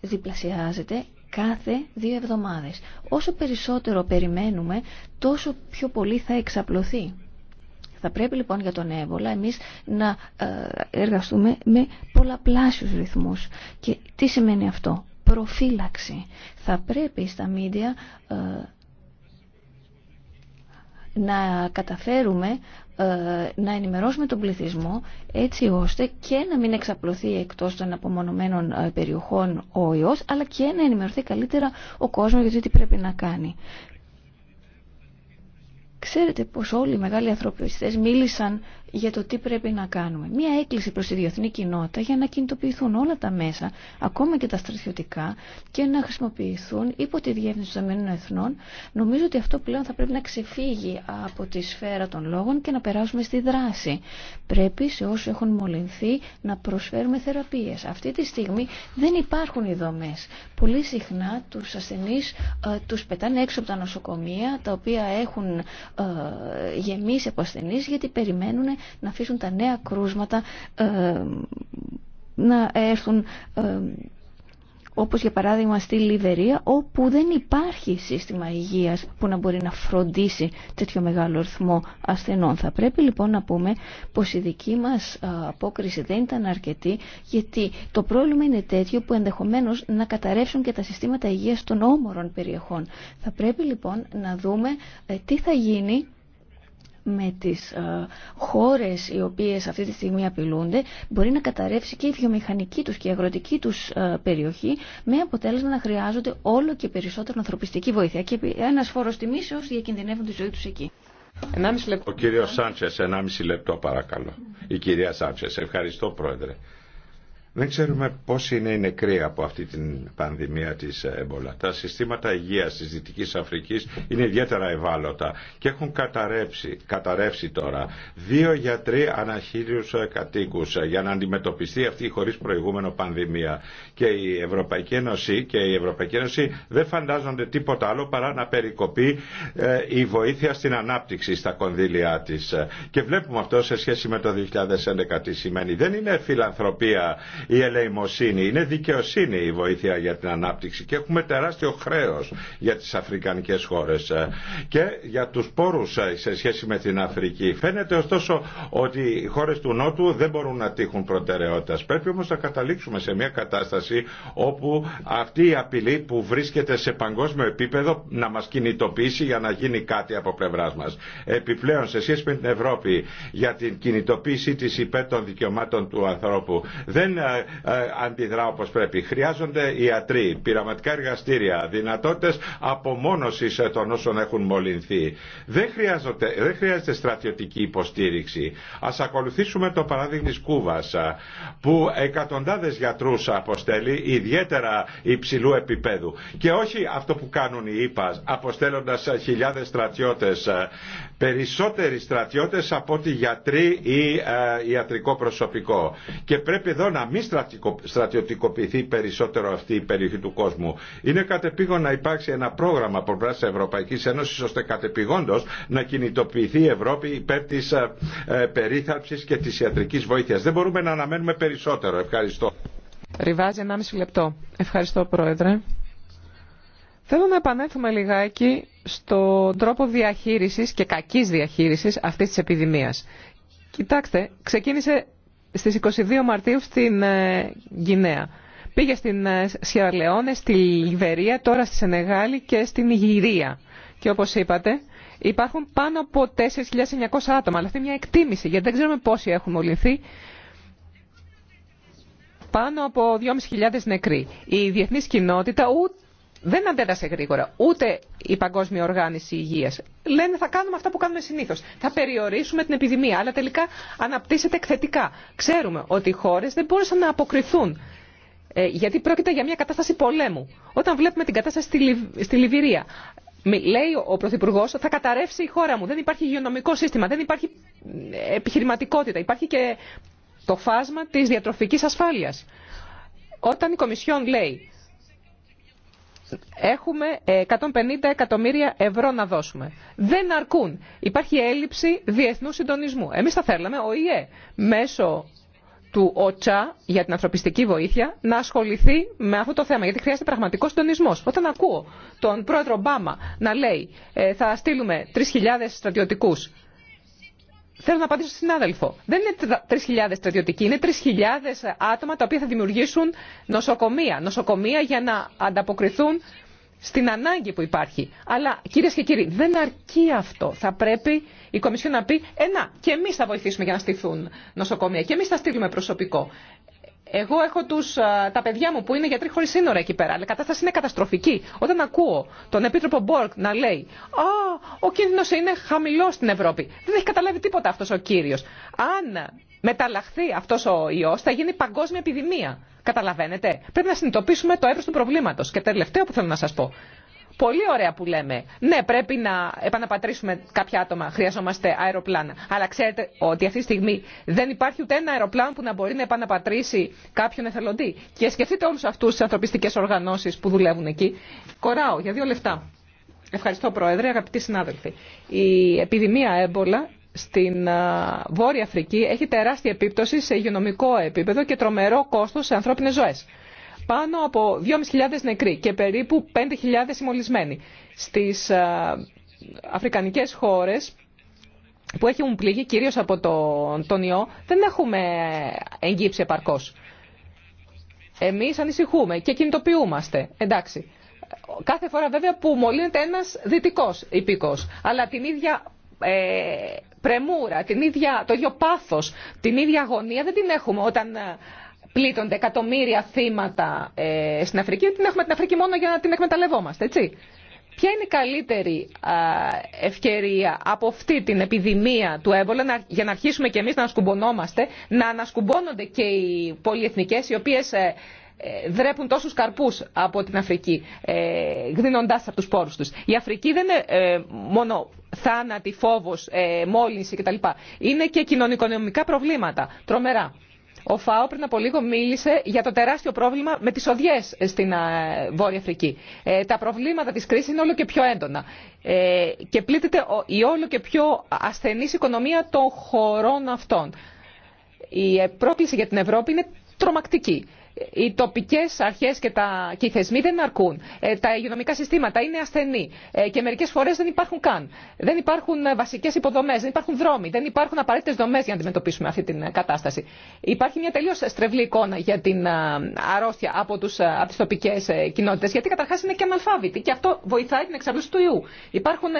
διπλασιάζεται κάθε δύο εβδομάδες. Όσο περισσότερο περιμένουμε, τόσο πιο πολύ θα εξαπλωθεί. Θα πρέπει λοιπόν για τον έβολα εμείς να ε, εργαστούμε με πολλαπλάσιους ρυθμούς. Και τι σημαίνει αυτό. Προφύλαξη. Θα πρέπει στα μίντια ε, να καταφέρουμε ε, να ενημερώσουμε τον πληθυσμό έτσι ώστε και να μην εξαπλωθεί εκτός των απομονωμένων ε, περιοχών ο ιός αλλά και να ενημερωθεί καλύτερα ο κόσμος για τι πρέπει να κάνει. Ξέρετε πως όλοι οι μεγάλοι ανθρωπιστές μίλησαν για το τι πρέπει να κάνουμε. Μία έκκληση προς τη διεθνή κοινότητα για να κινητοποιηθούν όλα τα μέσα, ακόμα και τα στρατιωτικά, και να χρησιμοποιηθούν υπό τη διεύθυνση των Ηνωμένων Εθνών. Νομίζω ότι αυτό πλέον θα πρέπει να ξεφύγει από τη σφαίρα των λόγων και να περάσουμε στη δράση. Πρέπει σε όσου έχουν μολυνθεί να προσφέρουμε θεραπείες. Αυτή τη στιγμή δεν υπάρχουν οι δομές. Πολύ συχνά τους ασθενείς του ε, τους πετάνε έξω από τα νοσοκομεία, τα οποία έχουν ε, γεμίσει από ασθενεί, γιατί περιμένουν να αφήσουν τα νέα κρούσματα ε, να έρθουν ε, όπως για παράδειγμα στη Λιβερία όπου δεν υπάρχει σύστημα υγείας που να μπορεί να φροντίσει τέτοιο μεγάλο ρυθμό ασθενών. Θα πρέπει λοιπόν να πούμε πως η δική μας ε, απόκριση δεν ήταν αρκετή γιατί το πρόβλημα είναι τέτοιο που ενδεχομένως να καταρρεύσουν και τα συστήματα υγείας των όμορων περιεχών. Θα πρέπει λοιπόν να δούμε τι θα γίνει με τις ε, χώρες οι οποίες αυτή τη στιγμή απειλούνται μπορεί να καταρρεύσει και η βιομηχανική τους και η αγροτική τους ε, περιοχή με αποτέλεσμα να χρειάζονται όλο και περισσότερο ανθρωπιστική βοήθεια και ένας φόρος όσοι διακινδυνεύουν τη ζωή τους εκεί. Ο κύριος Σάντσες, μισή λεπτό παρακαλώ. Η κυρία Σάντσες, ευχαριστώ πρόεδρε. Δεν ξέρουμε πώς είναι οι νεκροί από αυτή την πανδημία της έμπολα. Τα συστήματα υγείας της Δυτικής Αφρικής είναι ιδιαίτερα ευάλωτα και έχουν καταρρεύσει, καταρρεύσει τώρα. Δύο γιατροί ανά χίλιου κατοίκους για να αντιμετωπιστεί αυτή η χωρίς προηγούμενο πανδημία. Και η Ευρωπαϊκή Ένωση, και η Ευρωπαϊκή Ένωση δεν φαντάζονται τίποτα άλλο παρά να περικοπεί ε, η βοήθεια στην ανάπτυξη στα κονδύλια της. Και βλέπουμε αυτό σε σχέση με το 2011 τι σημαίνει. Δεν είναι φιλανθρωπία η ελεημοσύνη, είναι δικαιοσύνη η βοήθεια για την ανάπτυξη και έχουμε τεράστιο χρέος για τις αφρικανικές χώρες ε, και για τους πόρους ε, σε σχέση με την Αφρική. Φαίνεται ωστόσο ότι οι χώρες του Νότου δεν μπορούν να τύχουν προτεραιότητας. Πρέπει όμως να καταλήξουμε σε μια κατάσταση όπου αυτή η απειλή που βρίσκεται σε παγκόσμιο επίπεδο να μας κινητοποιήσει για να γίνει κάτι από πλευράς μας. Επιπλέον σε σχέση με την Ευρώπη για την κινητοποίηση τη υπέρ των δικαιωμάτων του ανθρώπου δεν ε, ε, αντιδρά όπως πρέπει. Χρειάζονται ιατροί, πειραματικά εργαστήρια, δυνατότητες απομόνωσης των όσων έχουν μολυνθεί. Δεν, δεν χρειάζεται στρατιωτική υποστήριξη. Ας ακολουθήσουμε το παράδειγμα της Κούβας ε, που εκατοντάδες γιατρούς αποστέλει ιδιαίτερα υψηλού επίπεδου και όχι αυτό που κάνουν οι ΙΠΑ αποστέλλοντας χιλιάδες στρατιώτες ε, περισσότεροι στρατιώτες από ότι γιατροί ή ε, ιατρικό προσωπικό. Και πρέπει εδώ να μην στρατιωτικοποιηθεί περισσότερο αυτή η περιοχή του κόσμου. Είναι κατεπήγον να υπάρξει ένα πρόγραμμα από πλευρά τη Ευρωπαϊκή Ένωση ώστε κατεπηγόντω να κινητοποιηθεί η Ευρώπη υπέρ τη ε, ε περίθαλψη και τη ιατρική βοήθεια. Δεν μπορούμε να αναμένουμε περισσότερο. Ευχαριστώ. Ριβάζει 1,5 λεπτό. Ευχαριστώ, Πρόεδρε. Θέλω να επανέλθουμε λιγάκι στον τρόπο διαχείρισης και κακής διαχείρισης αυτής της επιδημίας. Κοιτάξτε, ξεκίνησε στις 22 Μαρτίου στην ε, Γινέα. Πήγε στην ε, Σιαραλεόνε, στη Λιβερία, τώρα στη Σενεγάλη και στην Ιγυρία. Και όπως είπατε, υπάρχουν πάνω από 4.900 άτομα. Αλλά αυτή είναι μια εκτίμηση, γιατί δεν ξέρουμε πόσοι έχουν μολυνθεί. Πάνω από 2.500 νεκροί. Η διεθνής κοινότητα ούτε δεν αντέδρασε γρήγορα ούτε η Παγκόσμια Οργάνωση Υγεία. Λένε θα κάνουμε αυτά που κάνουμε συνήθω. Θα περιορίσουμε την επιδημία, αλλά τελικά αναπτύσσεται εκθετικά. Ξέρουμε ότι οι χώρε δεν μπόρεσαν να αποκριθούν. Ε, γιατί πρόκειται για μια κατάσταση πολέμου. Όταν βλέπουμε την κατάσταση στη, Λιβ... στη Λιβυρία, λέει ο Πρωθυπουργό, θα καταρρεύσει η χώρα μου. Δεν υπάρχει υγειονομικό σύστημα, δεν υπάρχει ε, επιχειρηματικότητα. Υπάρχει και το φάσμα τη διατροφική ασφάλεια. Όταν η Κομισιόν λέει έχουμε 150 ε, εκατομμύρια ευρώ να δώσουμε. Δεν αρκούν. Υπάρχει έλλειψη διεθνού συντονισμού. Εμείς θα θέλαμε ο ΙΕ μέσω του ΟΤΣΑ για την ανθρωπιστική βοήθεια να ασχοληθεί με αυτό το θέμα. Γιατί χρειάζεται πραγματικό συντονισμό. Όταν ακούω τον πρόεδρο Ομπάμα να λέει ε, θα στείλουμε 3.000 στρατιωτικού Θέλω να απαντήσω στον συνάδελφο. Δεν είναι 3.000 στρατιωτικοί, είναι 3.000 άτομα τα οποία θα δημιουργήσουν νοσοκομεία. Νοσοκομεία για να ανταποκριθούν στην ανάγκη που υπάρχει. Αλλά κυρίε και κύριοι, δεν αρκεί αυτό. Θα πρέπει η Κομισιόν να πει, ένα και εμεί θα βοηθήσουμε για να στηθούν νοσοκομεία, και εμεί θα στείλουμε προσωπικό. Εγώ έχω τους, τα παιδιά μου που είναι γιατροί χωρί σύνορα εκεί πέρα, αλλά η κατάσταση είναι καταστροφική. Όταν ακούω τον Επίτροπο Μπόρκ να λέει Α, ο κίνδυνο είναι χαμηλό στην Ευρώπη. Δεν έχει καταλάβει τίποτα αυτό ο κύριο. Αν μεταλλαχθεί αυτό ο ιό, θα γίνει παγκόσμια επιδημία. Καταλαβαίνετε. Πρέπει να συνειδητοποιήσουμε το εύρο του προβλήματο. Και τελευταίο που θέλω να σα πω. Πολύ ωραία που λέμε. Ναι, πρέπει να επαναπατρίσουμε κάποια άτομα. Χρειαζόμαστε αεροπλάνα. Αλλά ξέρετε ότι αυτή τη στιγμή δεν υπάρχει ούτε ένα αεροπλάνο που να μπορεί να επαναπατρίσει κάποιον εθελοντή. Και σκεφτείτε όλου αυτού τι ανθρωπιστικέ οργανώσει που δουλεύουν εκεί. Κοράω για δύο λεφτά. Ευχαριστώ, Πρόεδρε, αγαπητοί συνάδελφοι. Η επιδημία έμπολα στην Βόρεια Αφρική έχει τεράστια επίπτωση σε υγειονομικό επίπεδο και τρομερό κόστο σε ανθρώπινε ζωέ πάνω από 2.500 νεκροί και περίπου 5.000 συμμολυσμένοι. Στις ε, αφρικανικές χώρες που έχουν πληγεί κυρίως από τον, ιό δεν έχουμε εγγύψει επαρκώς. Εμείς ανησυχούμε και κινητοποιούμαστε. Εντάξει. Κάθε φορά βέβαια που μολύνεται ένας δυτικός υπήκος. Αλλά την ίδια ε, πρεμούρα, την ίδια, το ίδιο πάθος, την ίδια αγωνία δεν την έχουμε όταν ε, πλήττονται εκατομμύρια θύματα ε, στην Αφρική, την έχουμε την Αφρική μόνο για να την εκμεταλλευόμαστε, έτσι. Ποια είναι η καλύτερη ευκαιρία από αυτή την επιδημία του έμπολα για να αρχίσουμε και εμείς να ανασκουμπωνόμαστε, να ανασκουμπώνονται και οι πολυεθνικές οι οποίες ε, ε, δρέπουν τόσους καρπούς από την Αφρική, ε, γδίνοντας από τους πόρους τους. Η Αφρική δεν είναι μόνο θάνατη, φόβος, μόλυνση κτλ. Είναι και κοινωνικονομικά προβλήματα, τρομερά. Ο ΦΑΟ πριν από λίγο μίλησε για το τεράστιο πρόβλημα με τις οδιές στην ε, Βόρεια Αφρική. Ε, τα προβλήματα της κρίσης είναι όλο και πιο έντονα ε, και πλήττεται η όλο και πιο ασθενής οικονομία των χωρών αυτών. Η πρόκληση για την Ευρώπη είναι τρομακτική οι τοπικέ αρχέ και, οι θεσμοί δεν αρκούν. Ε, τα υγειονομικά συστήματα είναι ασθενή ε, και μερικέ φορέ δεν υπάρχουν καν. Δεν υπάρχουν ε, βασικέ υποδομές, δεν υπάρχουν δρόμοι, δεν υπάρχουν απαραίτητε δομέ για να αντιμετωπίσουμε αυτή την κατάσταση. Υπάρχει μια τελείω στρεβλή εικόνα για την αρρώστια από, από τις τοπικές κοινότητες, γιατί καταρχάς είναι και αναλφάβητη και αυτό βοηθάει την εξαρτήση του ιού. Υπάρχουν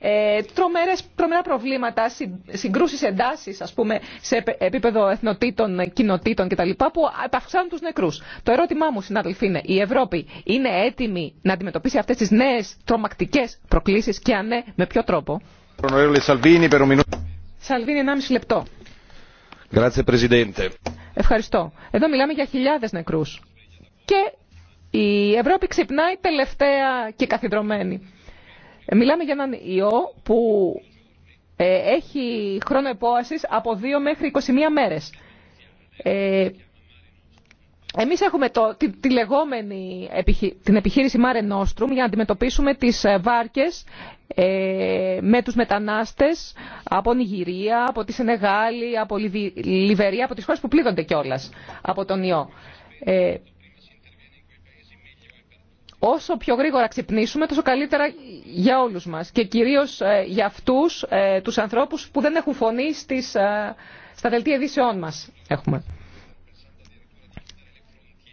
ε, τρομερές, τρομερά προβλήματα, συγκρούσεις εντάσεις ας πούμε σε επίπεδο εθνοτήτων, κοινοτήτων κτλ. που αυξάνουν τους νεκρούς. Το ερώτημά μου συνάδελφοι είναι η Ευρώπη είναι έτοιμη να αντιμετωπίσει αυτές τις νέες τρομακτικές προκλήσεις και αν ναι με ποιο τρόπο. Σαλβίνη, 1,5 λεπτό. Ευχαριστώ. Εδώ μιλάμε για χιλιάδες νεκρούς. Και η Ευρώπη ξυπνάει τελευταία και καθιδρωμένη. Μιλάμε για έναν ιό που ε, έχει χρόνο επόασης από 2 μέχρι 21 μέρες. Ε, εμείς έχουμε το, τη, λεγόμενη την επιχείρηση Mare Nostrum για να αντιμετωπίσουμε τις ε, βάρκες ε, με τους μετανάστες από Νιγηρία, από τη Σενεγάλη, από Λιβερία, από τις χώρες που πλήγονται κιόλας από τον ιό. Ε, όσο πιο γρήγορα ξυπνήσουμε, τόσο καλύτερα για όλους μας και κυρίως ε, για αυτούς ε, τους ανθρώπους που δεν έχουν φωνή στις, ε, στα δελτία ειδήσεών μας. Έχουμε.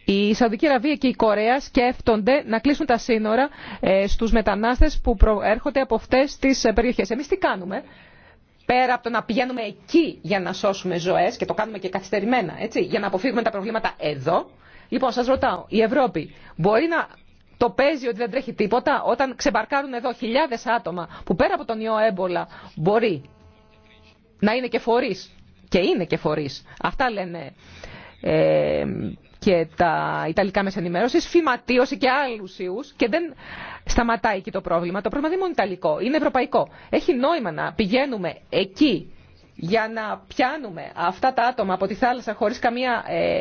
Η Σαουδική Αραβία και η Κορέα σκέφτονται να κλείσουν τα σύνορα στους μετανάστες που προέρχονται από αυτές τις περιοχές. Εμείς τι κάνουμε, πέρα από το να πηγαίνουμε εκεί για να σώσουμε ζωές και το κάνουμε και καθυστερημένα, έτσι, για να αποφύγουμε τα προβλήματα εδώ. Λοιπόν, σας ρωτάω, η Ευρώπη μπορεί να το παίζει ότι δεν τρέχει τίποτα όταν ξεμπαρκάρουν εδώ χιλιάδες άτομα που πέρα από τον ιό έμπολα μπορεί να είναι και φορείς και είναι και φορείς. Αυτά λένε ε, και τα Ιταλικά μέσα ενημέρωση, φυματίωση και άλλου ιού και δεν σταματάει εκεί το πρόβλημα. Το πρόβλημα δεν είναι μόνο Ιταλικό, είναι ευρωπαϊκό. Έχει νόημα να πηγαίνουμε εκεί για να πιάνουμε αυτά τα άτομα από τη θάλασσα χωρίς καμία ε,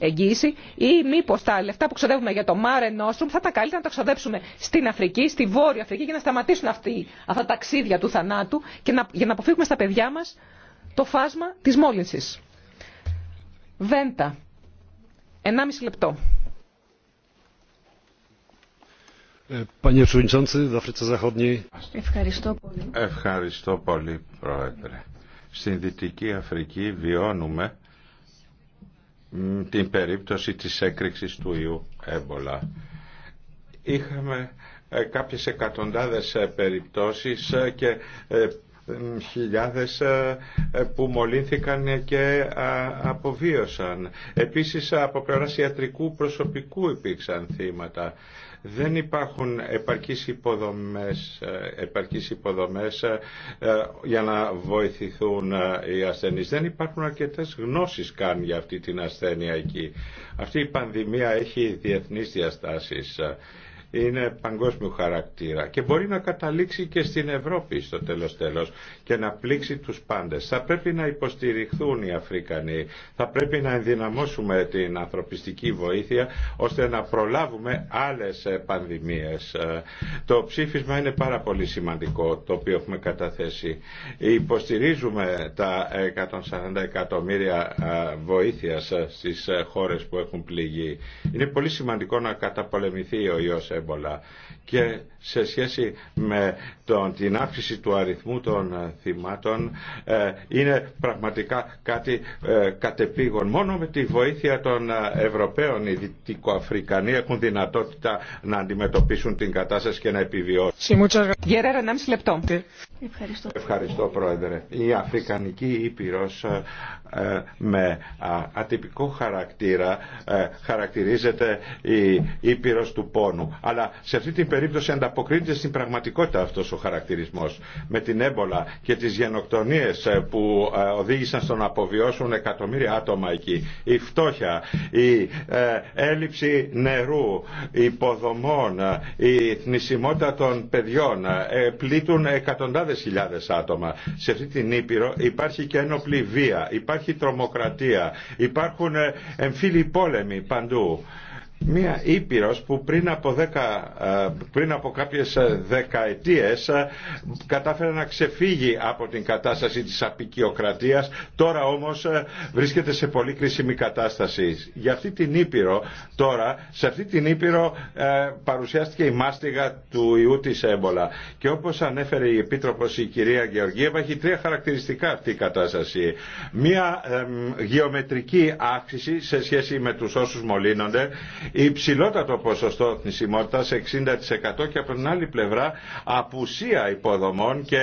εγγύηση ή μήπως τα λεφτά που ξοδεύουμε για το Mare Nostrum θα τα καλύτερα να τα ξοδέψουμε στην Αφρική, στη Βόρεια Αφρική για να σταματήσουν αυτοί, αυτά τα ταξίδια του θανάτου και να, για να αποφύγουμε στα παιδιά μας το φάσμα της μόλυνσης. Βέντα. 1,5 λεπτό. Ε, Ευχαριστώ πολύ. Ευχαριστώ πολύ, Πρόεδρε στην Δυτική Αφρική βιώνουμε την περίπτωση της έκρηξης του ιού έμπολα. Είχαμε ε, κάποιες εκατοντάδες ε, περιπτώσεις ε, και χιλιάδες ε, ε, που μολύνθηκαν και ε, αποβίωσαν. Επίσης από πλευράς ιατρικού προσωπικού υπήρξαν θύματα. Δεν υπάρχουν επαρκείς υποδομές, επαρκείς υποδομές για να βοηθηθούν οι ασθενείς. Δεν υπάρχουν αρκετές γνώσεις καν για αυτή την ασθένεια εκεί. Αυτή η πανδημία έχει διεθνείς διαστάσεις είναι παγκόσμιου χαρακτήρα και μπορεί να καταλήξει και στην Ευρώπη στο τέλος τέλος και να πλήξει τους πάντες. Θα πρέπει να υποστηριχθούν οι Αφρικανοί, θα πρέπει να ενδυναμώσουμε την ανθρωπιστική βοήθεια ώστε να προλάβουμε άλλες ε, πανδημίες. Ε, το ψήφισμα είναι πάρα πολύ σημαντικό το οποίο έχουμε καταθέσει. Υποστηρίζουμε τα 140 εκατομμύρια ε, βοήθειας στις χώρες που έχουν πληγεί. Είναι πολύ σημαντικό να καταπολεμηθεί ο ιός και σε σχέση με τον, την αύξηση του αριθμού των ε, θυμάτων ε, είναι πραγματικά κάτι ε, κατεπήγον. Μόνο με τη βοήθεια των ε, Ευρωπαίων οι Δυτικοαφρικανοί έχουν δυνατότητα να αντιμετωπίσουν την κατάσταση και να επιβιώσουν. Γερέρα, λεπτό. Ευχαριστώ. Ευχαριστώ, Πρόεδρε. Η Αφρικανική Ήπειρος με ατυπικό χαρακτήρα χαρακτηρίζεται η Ήπειρος του πόνου αλλά σε αυτή την περίπτωση ανταποκρίνεται στην πραγματικότητα αυτός ο χαρακτηρισμός με την έμπολα και τις γενοκτονίες ε, που ε, οδήγησαν στο να αποβιώσουν εκατομμύρια άτομα εκεί η φτώχεια, η ε, έλλειψη νερού υποδομών, η θνησιμότητα των παιδιών πλήττουν εκατοντάδες χιλιάδες άτομα σε αυτή την Ήπειρο υπάρχει και ένοπλη βία, υπάρχει τρομοκρατία υπάρχουν εμφύλοι πόλεμοι παντού Μία Ήπειρος που πριν από, δεκα, ε, πριν από κάποιες ε, δεκαετίες ε, κατάφερε να ξεφύγει από την κατάσταση της απικιοκρατίας, τώρα όμως βρίσκεται σε πολύ κρίσιμη κατάσταση. Για αυτή την Ήπειρο τώρα, σε αυτή την Ήπειρο παρουσιάστηκε η μάστιγα του ιού της έμπολα. Και όπως ανέφερε η Επίτροπος η κυρία Γεωργίευα, έχει τρία χαρακτηριστικά αυτή η κατάσταση. Μία γεωμετρική αύξηση σε σχέση με τους όσους μολύνονται, υψηλότατο ποσοστό θνησιμότητας 60% και από την άλλη πλευρά απουσία υποδομών και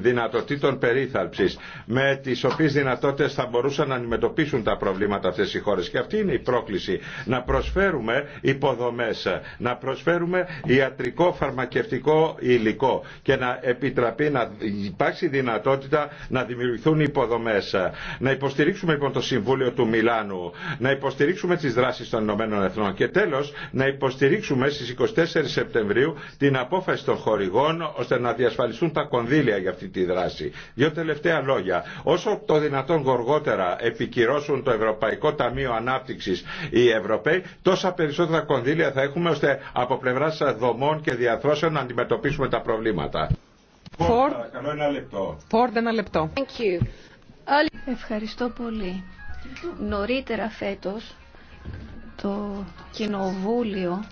δυνατοτήτων περίθαλψης με τις οποίες δυνατότητες θα μπορούσαν να αντιμετωπίσουν τα προβλήματα αυτές οι χώρες και αυτή είναι η πρόκληση να προσφέρουμε υποδομές να προσφέρουμε ιατρικό φαρμακευτικό υλικό και να επιτραπεί να υπάρξει δυνατότητα να δημιουργηθούν υποδομές να υποστηρίξουμε λοιπόν το Συμβούλιο του Μιλάνου να υποστηρίξουμε τις δράσεις των Ηνωμένων και τέλος να υποστηρίξουμε στις 24 Σεπτεμβρίου την απόφαση των χορηγών ώστε να διασφαλιστούν τα κονδύλια για αυτή τη δράση. Δύο τελευταία λόγια. Όσο το δυνατόν γοργότερα επικυρώσουν το Ευρωπαϊκό Ταμείο Ανάπτυξης οι Ευρωπαίοι, τόσα περισσότερα κονδύλια θα έχουμε ώστε από πλευρά δομών και διαθρώσεων να αντιμετωπίσουμε τα προβλήματα. Φόρντ, ένα λεπτό. Ευχαριστώ πολύ. Νωρίτερα φέτος το κοινοβούλιο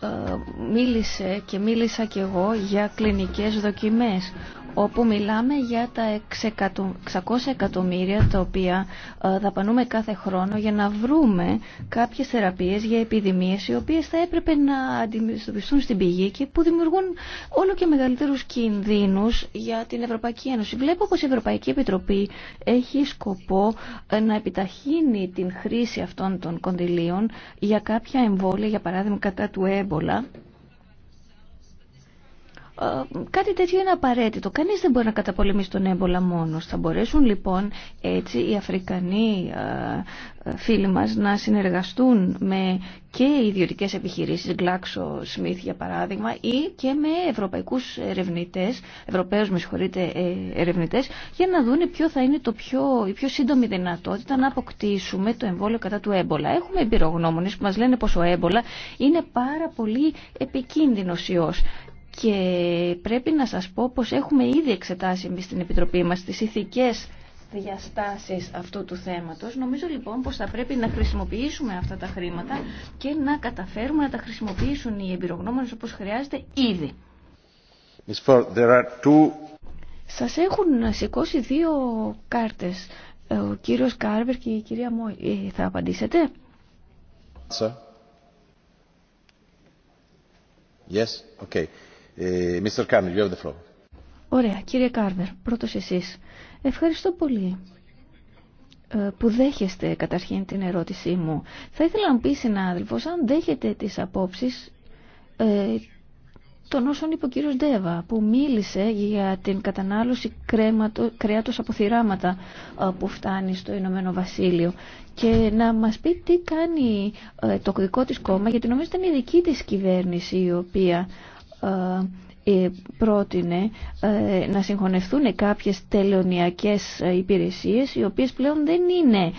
ε, μίλησε και μίλησα και εγώ για κλινικές δοκιμές όπου μιλάμε για τα 600 εκατομμύρια τα οποία ε, δαπανούμε κάθε χρόνο για να βρούμε κάποιες θεραπείες για επιδημίες οι οποίες θα έπρεπε να αντιμετωπιστούν στην πηγή και που δημιουργούν όλο και μεγαλύτερους κινδύνους για την Ευρωπαϊκή Ένωση. Βλέπω πως η Ευρωπαϊκή Επιτροπή έχει σκοπό ε, να επιταχύνει την χρήση αυτών των κονδυλίων για κάποια εμβόλια, για παράδειγμα κατά του έμπολα ε, κάτι τέτοιο είναι απαραίτητο. Κανεί δεν μπορεί να καταπολεμήσει τον έμπολα μόνο. Θα μπορέσουν λοιπόν έτσι οι Αφρικανοί ε, ε, φίλοι μα να συνεργαστούν με και ιδιωτικέ επιχειρήσει Γκλάξο Σμιθ για παράδειγμα, ή και με ευρωπαϊκού ερευνητέ, Ευρωπαίου με συγχωρείτε ερευνητέ, για να δούνε ποιο θα είναι το πιο, η πιο σύντομη δυνατότητα να αποκτήσουμε το εμβόλιο κατά του έμπολα. Έχουμε εμπειρογνώμονε που μα λένε πω ο έμπολα είναι πάρα πολύ επικίνδυνο ιό και πρέπει να σας πω πως έχουμε ήδη εξετάσει εμείς στην Επιτροπή μας τις ηθικές διαστάσεις αυτού του θέματος. Νομίζω λοιπόν πως θα πρέπει να χρησιμοποιήσουμε αυτά τα χρήματα και να καταφέρουμε να τα χρησιμοποιήσουν οι εμπειρογνώμονες όπως χρειάζεται ήδη. Σας έχουν σηκώσει δύο κάρτες. Ο κύριος Κάρβερ και η κυρία Μόη. Ε, θα απαντήσετε. Yes, okay. Ε, Ωραία. Κύριε Κάρβερ, πρώτος εσείς. Ευχαριστώ πολύ ε, που δέχεστε καταρχήν την ερώτησή μου. Θα ήθελα να πει, συνάδελφος, αν δέχεται τις απόψεις ε, τον όσων είπε ο κύριος Ντέβα που μίλησε για την κατανάλωση κρέματο, κρέατος από θυράματα που φτάνει στο Ηνωμένο Βασίλειο και να μας πει τι κάνει το δικό της κόμμα γιατί νομίζω ήταν η δική της κυβέρνηση η οποία ε, ε, πρότεινε ε, να συγχωνευτούν κάποιες τελωνιακές υπηρεσίες οι οποίες πλέον δεν είναι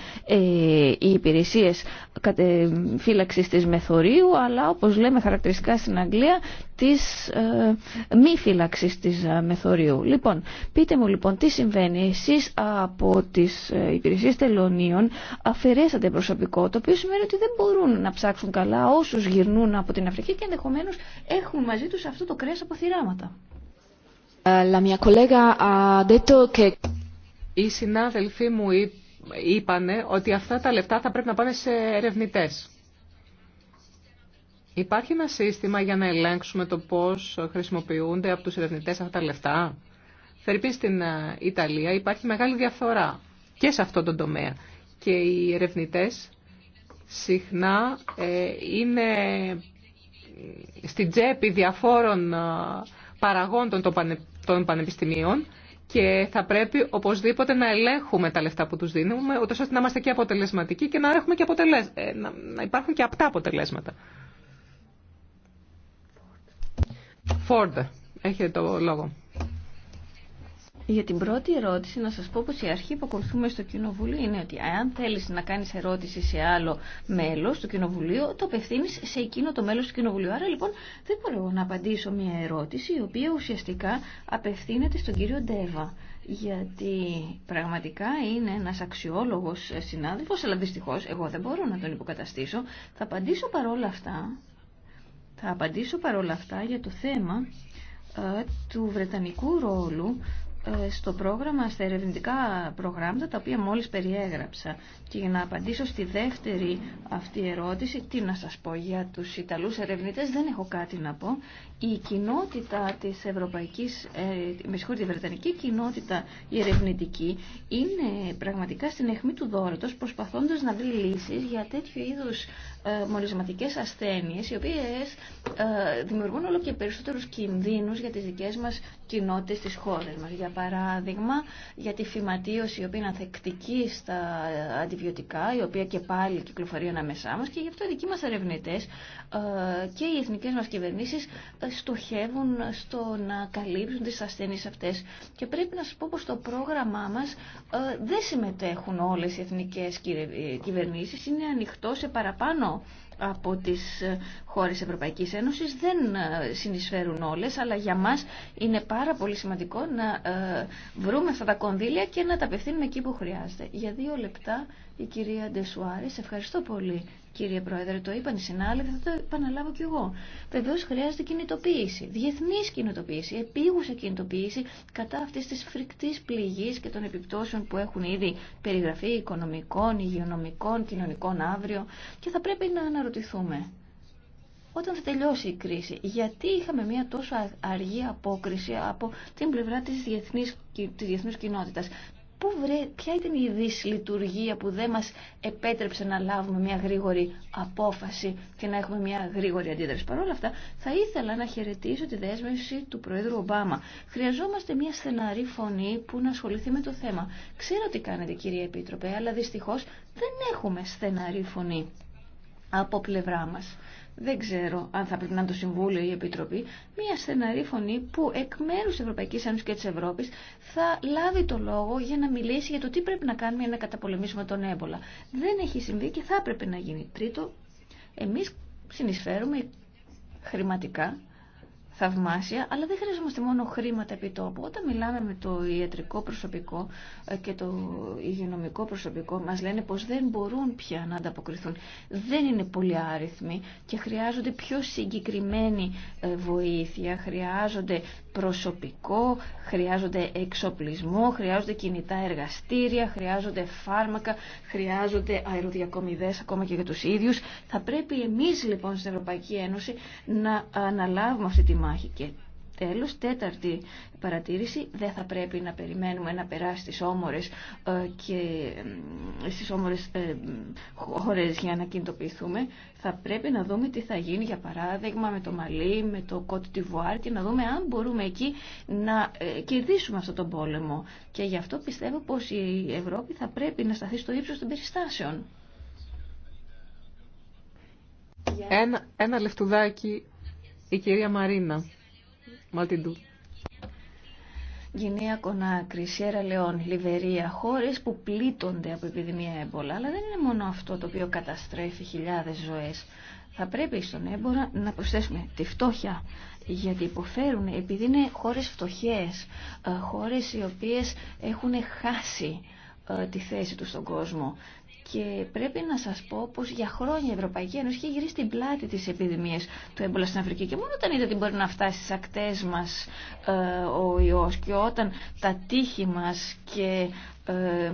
οι υπηρεσίες φύλαξης της μεθορίου αλλά όπως λέμε χαρακτηριστικά στην Αγγλία της ε, μη φύλαξης της ε, μεθορίου. Λοιπόν, πείτε μου λοιπόν τι συμβαίνει. Εσείς από τις ε, υπηρεσίες τελωνίων αφαιρέσατε προσωπικό, το οποίο σημαίνει ότι δεν μπορούν να ψάξουν καλά όσους γυρνούν από την Αφρική και ενδεχομένως έχουν μαζί τους αυτό το κρέας από θυράματα. Οι συνάδελφοί μου είπανε ότι αυτά τα λεφτά θα πρέπει να πάνε σε ερευνητές. Υπάρχει ένα σύστημα για να ελέγξουμε το πώς χρησιμοποιούνται από τους ερευνητές αυτά τα λεφτά. Φερρυπίν στην ε, Ιταλία υπάρχει μεγάλη διαφθορά και σε αυτόν τον τομέα. Και οι ερευνητές συχνά ε, είναι στην τσέπη διαφόρων ε, παραγόντων των πανεπιστημίων και θα πρέπει οπωσδήποτε να ελέγχουμε τα λεφτά που τους δίνουμε, ούτως ώστε να είμαστε και αποτελεσματικοί και να, αποτελεσ... να υπάρχουν και απτά αποτελέσματα. Φόρντ, έχετε το λόγο. Για την πρώτη ερώτηση να σας πω πως η αρχή που ακολουθούμε στο Κοινοβούλιο είναι ότι αν θέλεις να κάνεις ερώτηση σε άλλο μέλος του Κοινοβουλίου, το απευθύνει σε εκείνο το μέλος του Κοινοβουλίου. Άρα λοιπόν δεν μπορώ να απαντήσω μια ερώτηση η οποία ουσιαστικά απευθύνεται στον κύριο Ντέβα. Γιατί πραγματικά είναι ένας αξιόλογος συνάδελφος, αλλά εγώ δεν μπορώ να τον υποκαταστήσω. Θα απαντήσω παρόλα αυτά θα απαντήσω παρόλα αυτά για το θέμα ε, του βρετανικού ρόλου ε, στο πρόγραμμα, στα ερευνητικά προγράμματα τα οποία μόλις περιέγραψα και για να απαντήσω στη δεύτερη αυτή ερώτηση τι να σας πω για τους Ιταλούς ερευνητές δεν έχω κάτι να πω η κοινότητα της Ευρωπαϊκής ε, με συγχωρείτε, η Βρετανική κοινότητα η ερευνητική είναι πραγματικά στην αιχμή του δόρετος προσπαθώντας να βρει λύσεις για τέτοιου είδους ε, μολυσματικές ασθένειες οι οποίες ε, δημιουργούν όλο και περισσότερους κινδύνους για τις δικές μας κοινότητες της χώρας μας. Για παράδειγμα, για τη φυματίωση η οποία είναι ανθεκτική στα ε, αντιβιωτικά, η οποία και πάλι κυκλοφορεί ανάμεσά μας και γι' αυτό οι δικοί μας ερευνητές ε, και οι εθνικές μας κυβερνήσεις ε, στοχεύουν στο να καλύψουν τις ασθένειες αυτές. Και πρέπει να σας πω πως το πρόγραμμά μας ε, δεν συμμετέχουν όλες οι εθνικές κυβερνήσεις, είναι ανοιχτό σε παραπάνω από τις χώρες Ευρωπαϊκής Ένωσης δεν συνεισφέρουν όλες αλλά για μας είναι πάρα πολύ σημαντικό να βρούμε αυτά τα κονδύλια και να τα απευθύνουμε εκεί που χρειάζεται. Για δύο λεπτά η κυρία Σε Ευχαριστώ πολύ κύριε Πρόεδρε, το είπαν οι συνάδελφοι, θα το επαναλάβω κι εγώ. Βεβαίω χρειάζεται κινητοποίηση, διεθνή κινητοποίηση, επίγουσα κινητοποίηση κατά αυτή τη φρικτή πληγή και των επιπτώσεων που έχουν ήδη περιγραφεί οικονομικών, υγειονομικών, κοινωνικών αύριο. Και θα πρέπει να αναρωτηθούμε, όταν θα τελειώσει η κρίση, γιατί είχαμε μια τόσο αργή απόκριση από την πλευρά της διεθνής, της κοινότητας. Πού βρε, ποια ήταν η δυσλειτουργία που δεν μας επέτρεψε να λάβουμε μια γρήγορη απόφαση και να έχουμε μια γρήγορη αντίδραση. Παρ' όλα αυτά θα ήθελα να χαιρετήσω τη δέσμευση του Προέδρου Ομπάμα. Χρειαζόμαστε μια στεναρή φωνή που να ασχοληθεί με το θέμα. Ξέρω τι κάνετε κύριε Επίτροπε, αλλά δυστυχώς δεν έχουμε στεναρή φωνή από πλευρά μας δεν ξέρω αν θα πρέπει να το Συμβούλιο ή η Επιτροπή, μια στεναρή φωνή που εκ μέρου τη Ευρωπαϊκή Ένωση και τη Ευρώπη θα λάβει το λόγο για να μιλήσει για το τι πρέπει να κάνουμε για να καταπολεμήσουμε τον έμπολα. Δεν έχει συμβεί και θα έπρεπε να γίνει. Τρίτο, εμεί συνεισφέρουμε χρηματικά θαυμάσια, αλλά δεν χρειαζόμαστε μόνο χρήματα επί τόπου. Όταν μιλάμε με το ιατρικό προσωπικό ε, και το υγειονομικό προσωπικό, μας λένε πως δεν μπορούν πια να ανταποκριθούν. Δεν είναι πολύ άριθμοι και χρειάζονται πιο συγκεκριμένη ε, βοήθεια, χρειάζονται προσωπικό, χρειάζονται εξοπλισμό, χρειάζονται κινητά εργαστήρια, χρειάζονται φάρμακα, χρειάζονται αεροδιακομιδές ακόμα και για τους ίδιους. Θα πρέπει εμείς λοιπόν στην Ευρωπαϊκή Ένωση να αναλάβουμε αυτή τη μάχη και Τέλος, τέταρτη παρατήρηση, δεν θα πρέπει να περιμένουμε να περάσει στις όμορες ε, και στις όμορες ε, χώρες για να κινητοποιηθούμε. Θα πρέπει να δούμε τι θα γίνει, για παράδειγμα, με το Μαλί, με το Κότ Τιβουάρ και να δούμε αν μπορούμε εκεί να ε, κερδίσουμε αυτόν τον πόλεμο. Και γι' αυτό πιστεύω πως η Ευρώπη θα πρέπει να σταθεί στο ύψος των περιστάσεων. Ένα, ένα λεφτουδάκι η κυρία Μαρίνα. Μαλτιντού. Γινέα Κονάκρη, Σιέρα Λεόν, Λιβερία, χώρες που πλήττονται από επιδημία έμπολα, αλλά δεν είναι μόνο αυτό το οποίο καταστρέφει χιλιάδες ζωές. Θα πρέπει στον έμπορα να προσθέσουμε τη φτώχεια, γιατί υποφέρουν επειδή είναι χώρες φτωχές, ε, χώρες οι οποίες έχουν χάσει ε, τη θέση του στον κόσμο και πρέπει να σας πω πως για χρόνια η Ευρωπαϊκή Ένωση είχε γυρίσει την πλάτη της επιδημίας του έμπολα στην Αφρική και μόνο όταν είδε ότι μπορεί να φτάσει ακτέ μα μας ε, ο ιός και όταν τα τείχη μας και ε,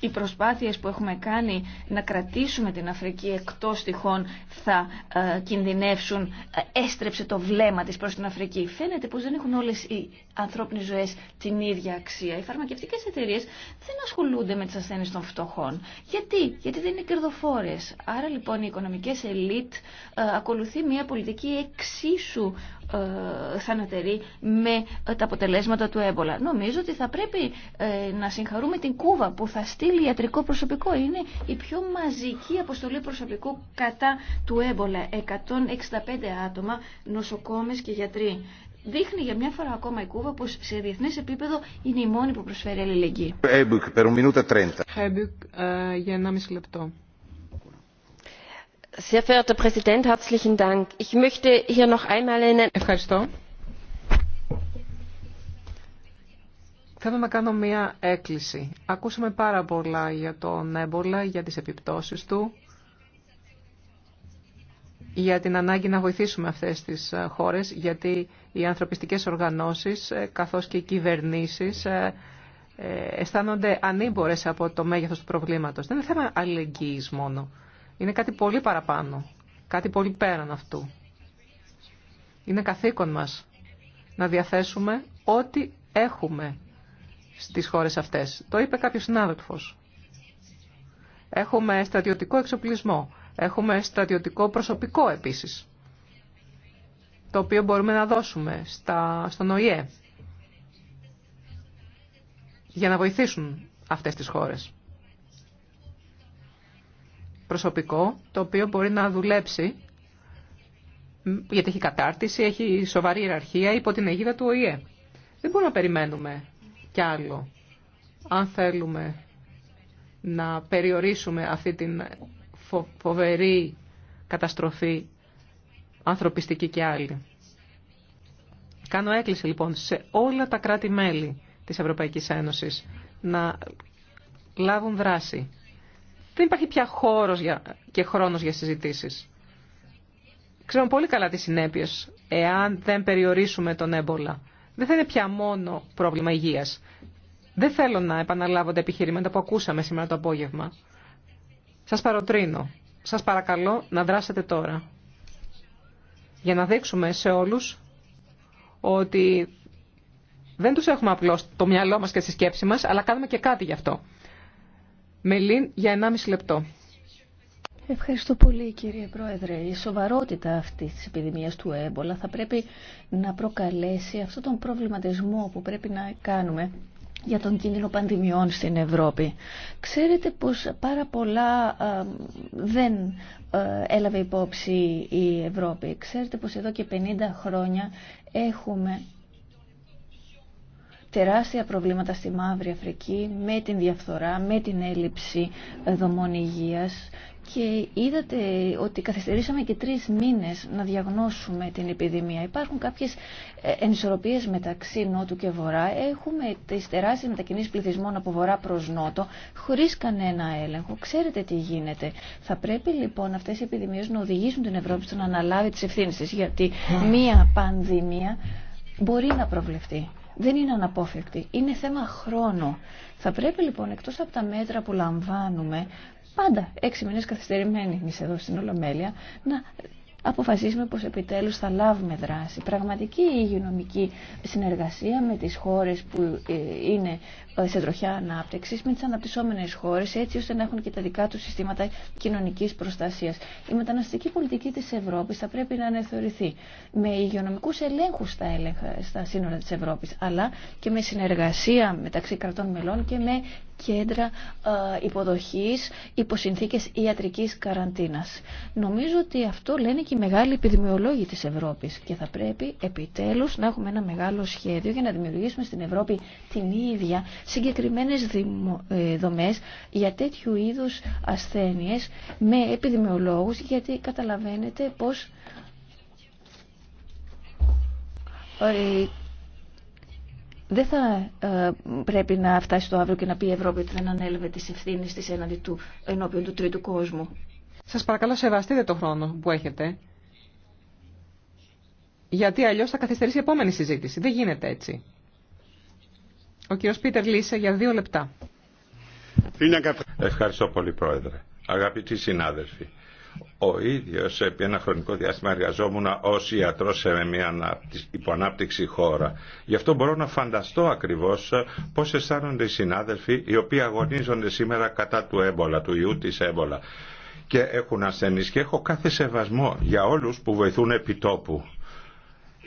οι προσπάθειες που έχουμε κάνει να κρατήσουμε την Αφρική εκτός τυχόν θα ε, κινδυνεύσουν, ε, έστρεψε το βλέμμα της προς την Αφρική. Φαίνεται πως δεν έχουν όλες οι ανθρώπινες ζωές την ίδια αξία. Οι φαρμακευτικές εταιρείες δεν ασχολούνται με τις ασθένειες των φτωχών. Γιατί, Γιατί δεν είναι κερδοφόρες. Άρα λοιπόν οι οικονομικές ελίτ ε, ακολουθεί μια πολιτική εξίσου ε, θανατερεί με τα αποτελέσματα του έμπολα. Νομίζω ότι θα πρέπει ε, να συγχαρούμε την Κούβα που θα στείλει ιατρικό προσωπικό. Είναι η πιο μαζική αποστολή προσωπικού κατά του έμπολα. 165 άτομα, νοσοκόμες και γιατροί. Δείχνει για μια φορά ακόμα η Κούβα πως σε διεθνέ επίπεδο είναι η μόνη που προσφέρει αλληλεγγύη. Χέμπουκ, ε, για 1,5 λεπτό. Sehr verehrter Präsident, herzlichen Dank. Ich möchte noch einmal Ευχαριστώ. Θέλω να κάνω μία έκκληση. Ακούσαμε πάρα πολλά για τον έμπολα, για τις επιπτώσεις του, για την ανάγκη να βοηθήσουμε αυτές τις ε, χώρες, γιατί οι ανθρωπιστικές οργανώσεις, ε, καθώς και οι κυβερνήσεις, ε, αισθάνονται ανήμπορες από το μέγεθος του προβλήματος. Δεν είναι θέμα αλληλεγγύης μόνο είναι κάτι πολύ παραπάνω, κάτι πολύ πέραν αυτού. Είναι καθήκον μας να διαθέσουμε ό,τι έχουμε στις χώρες αυτές. Το είπε κάποιος συνάδελφος. Έχουμε στρατιωτικό εξοπλισμό. Έχουμε στρατιωτικό προσωπικό επίσης, το οποίο μπορούμε να δώσουμε στα, στον ΟΗΕ για να βοηθήσουν αυτές τις χώρες προσωπικό το οποίο μπορεί να δουλέψει γιατί έχει κατάρτιση, έχει σοβαρή ιεραρχία υπό την αιγίδα του ΟΗΕ. Δεν μπορούμε να περιμένουμε κι άλλο αν θέλουμε να περιορίσουμε αυτή την φοβερή καταστροφή ανθρωπιστική και άλλη. Κάνω έκκληση λοιπόν σε όλα τα κράτη-μέλη της Ευρωπαϊκής Ένωσης να λάβουν δράση δεν υπάρχει πια χώρος για, και χρόνος για συζητήσεις. Ξέρουμε πολύ καλά τις συνέπειες εάν δεν περιορίσουμε τον έμπολα. Δεν θα είναι πια μόνο πρόβλημα υγείας. Δεν θέλω να επαναλάβω τα επιχειρήματα που ακούσαμε σήμερα το απόγευμα. Σας παροτρύνω. Σας παρακαλώ να δράσετε τώρα. Για να δείξουμε σε όλους ότι δεν τους έχουμε απλώς το μυαλό μας και τη σκέψη μας, αλλά κάνουμε και κάτι γι' αυτό. Μελίν για 1,5 λεπτό. Ευχαριστώ πολύ κύριε Πρόεδρε. Η σοβαρότητα αυτής της επιδημίας του έμπολα θα πρέπει να προκαλέσει αυτόν τον προβληματισμό που πρέπει να κάνουμε για τον κίνδυνο πανδημιών στην Ευρώπη. Ξέρετε πως πάρα πολλά δεν έλαβε υπόψη η Ευρώπη. Ξέρετε πως εδώ και 50 χρόνια έχουμε τεράστια προβλήματα στη Μαύρη Αφρική με την διαφθορά, με την έλλειψη δομών υγείας και είδατε ότι καθυστερήσαμε και τρεις μήνες να διαγνώσουμε την επιδημία. Υπάρχουν κάποιες ε, ενισορροπίες μεταξύ Νότου και Βορρά. Έχουμε τις τεράστιες μετακινήσεις πληθυσμών από Βορρά προς Νότο, χωρίς κανένα έλεγχο. Ξέρετε τι γίνεται. Θα πρέπει λοιπόν αυτές οι επιδημίες να οδηγήσουν την Ευρώπη στο να αναλάβει τι ευθύνες γιατί μία πανδημία μπορεί να προβλεφτεί δεν είναι αναπόφευκτη. Είναι θέμα χρόνου. Θα πρέπει λοιπόν εκτός από τα μέτρα που λαμβάνουμε, πάντα έξι μήνες καθυστερημένοι εμείς εδώ στην Ολομέλεια, να αποφασίσουμε πως επιτέλους θα λάβουμε δράση. Πραγματική υγειονομική συνεργασία με τις χώρες που ε, είναι ε, σε τροχιά ανάπτυξη με τι αναπτυσσόμενες χώρες έτσι ώστε να έχουν και τα δικά του συστήματα κοινωνικής προστασίας. Η μεταναστική πολιτική της Ευρώπης θα πρέπει να αναθεωρηθεί με υγειονομικού ελέγχου στα, στα σύνορα της Ευρώπης, αλλά και με συνεργασία μεταξύ κρατών μελών και με κέντρα υποδοχής υπό συνθήκες ιατρικής καραντίνας. Νομίζω ότι αυτό λένε και οι μεγάλοι επιδημιολόγοι της Ευρώπης και θα πρέπει επιτέλους να έχουμε ένα μεγάλο σχέδιο για να δημιουργήσουμε στην Ευρώπη την ίδια συγκεκριμένες ε, δομές για τέτοιου είδους ασθένειες με επιδημιολόγους γιατί καταλαβαίνετε πως ε, δεν θα ε, πρέπει να φτάσει το αύριο και να πει η Ευρώπη ότι δεν ανέλαβε τις ευθύνες της έναντι του, ενώπιον του τρίτου κόσμου. Σας παρακαλώ σεβαστείτε το χρόνο που έχετε. Γιατί αλλιώς θα καθυστερήσει η επόμενη συζήτηση. Δεν γίνεται έτσι. Ο κύριος Πίτερ Λίσε για δύο λεπτά. Ευχαριστώ πολύ Πρόεδρε. Αγαπητοί συνάδελφοι. Ο ίδιος επί ένα χρονικό διάστημα εργαζόμουν ως ιατρό σε μια υποανάπτυξη χώρα. Γι' αυτό μπορώ να φανταστώ ακριβώς πώς αισθάνονται οι συνάδελφοι οι οποίοι αγωνίζονται σήμερα κατά του έμπολα, του ιού της έμπολα και έχουν ασθενείς και έχω κάθε σεβασμό για όλους που βοηθούν επί τόπου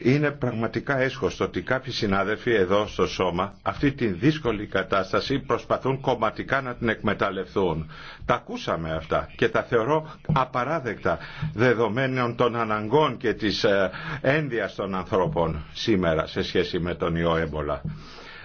είναι πραγματικά έσχος ότι κάποιοι συνάδελφοι εδώ στο σώμα αυτή τη δύσκολη κατάσταση προσπαθούν κομματικά να την εκμεταλλευτούν. Τα ακούσαμε αυτά και τα θεωρώ απαράδεκτα δεδομένων των αναγκών και της ε, ένδυας των ανθρώπων σήμερα σε σχέση με τον ιό έμπολα.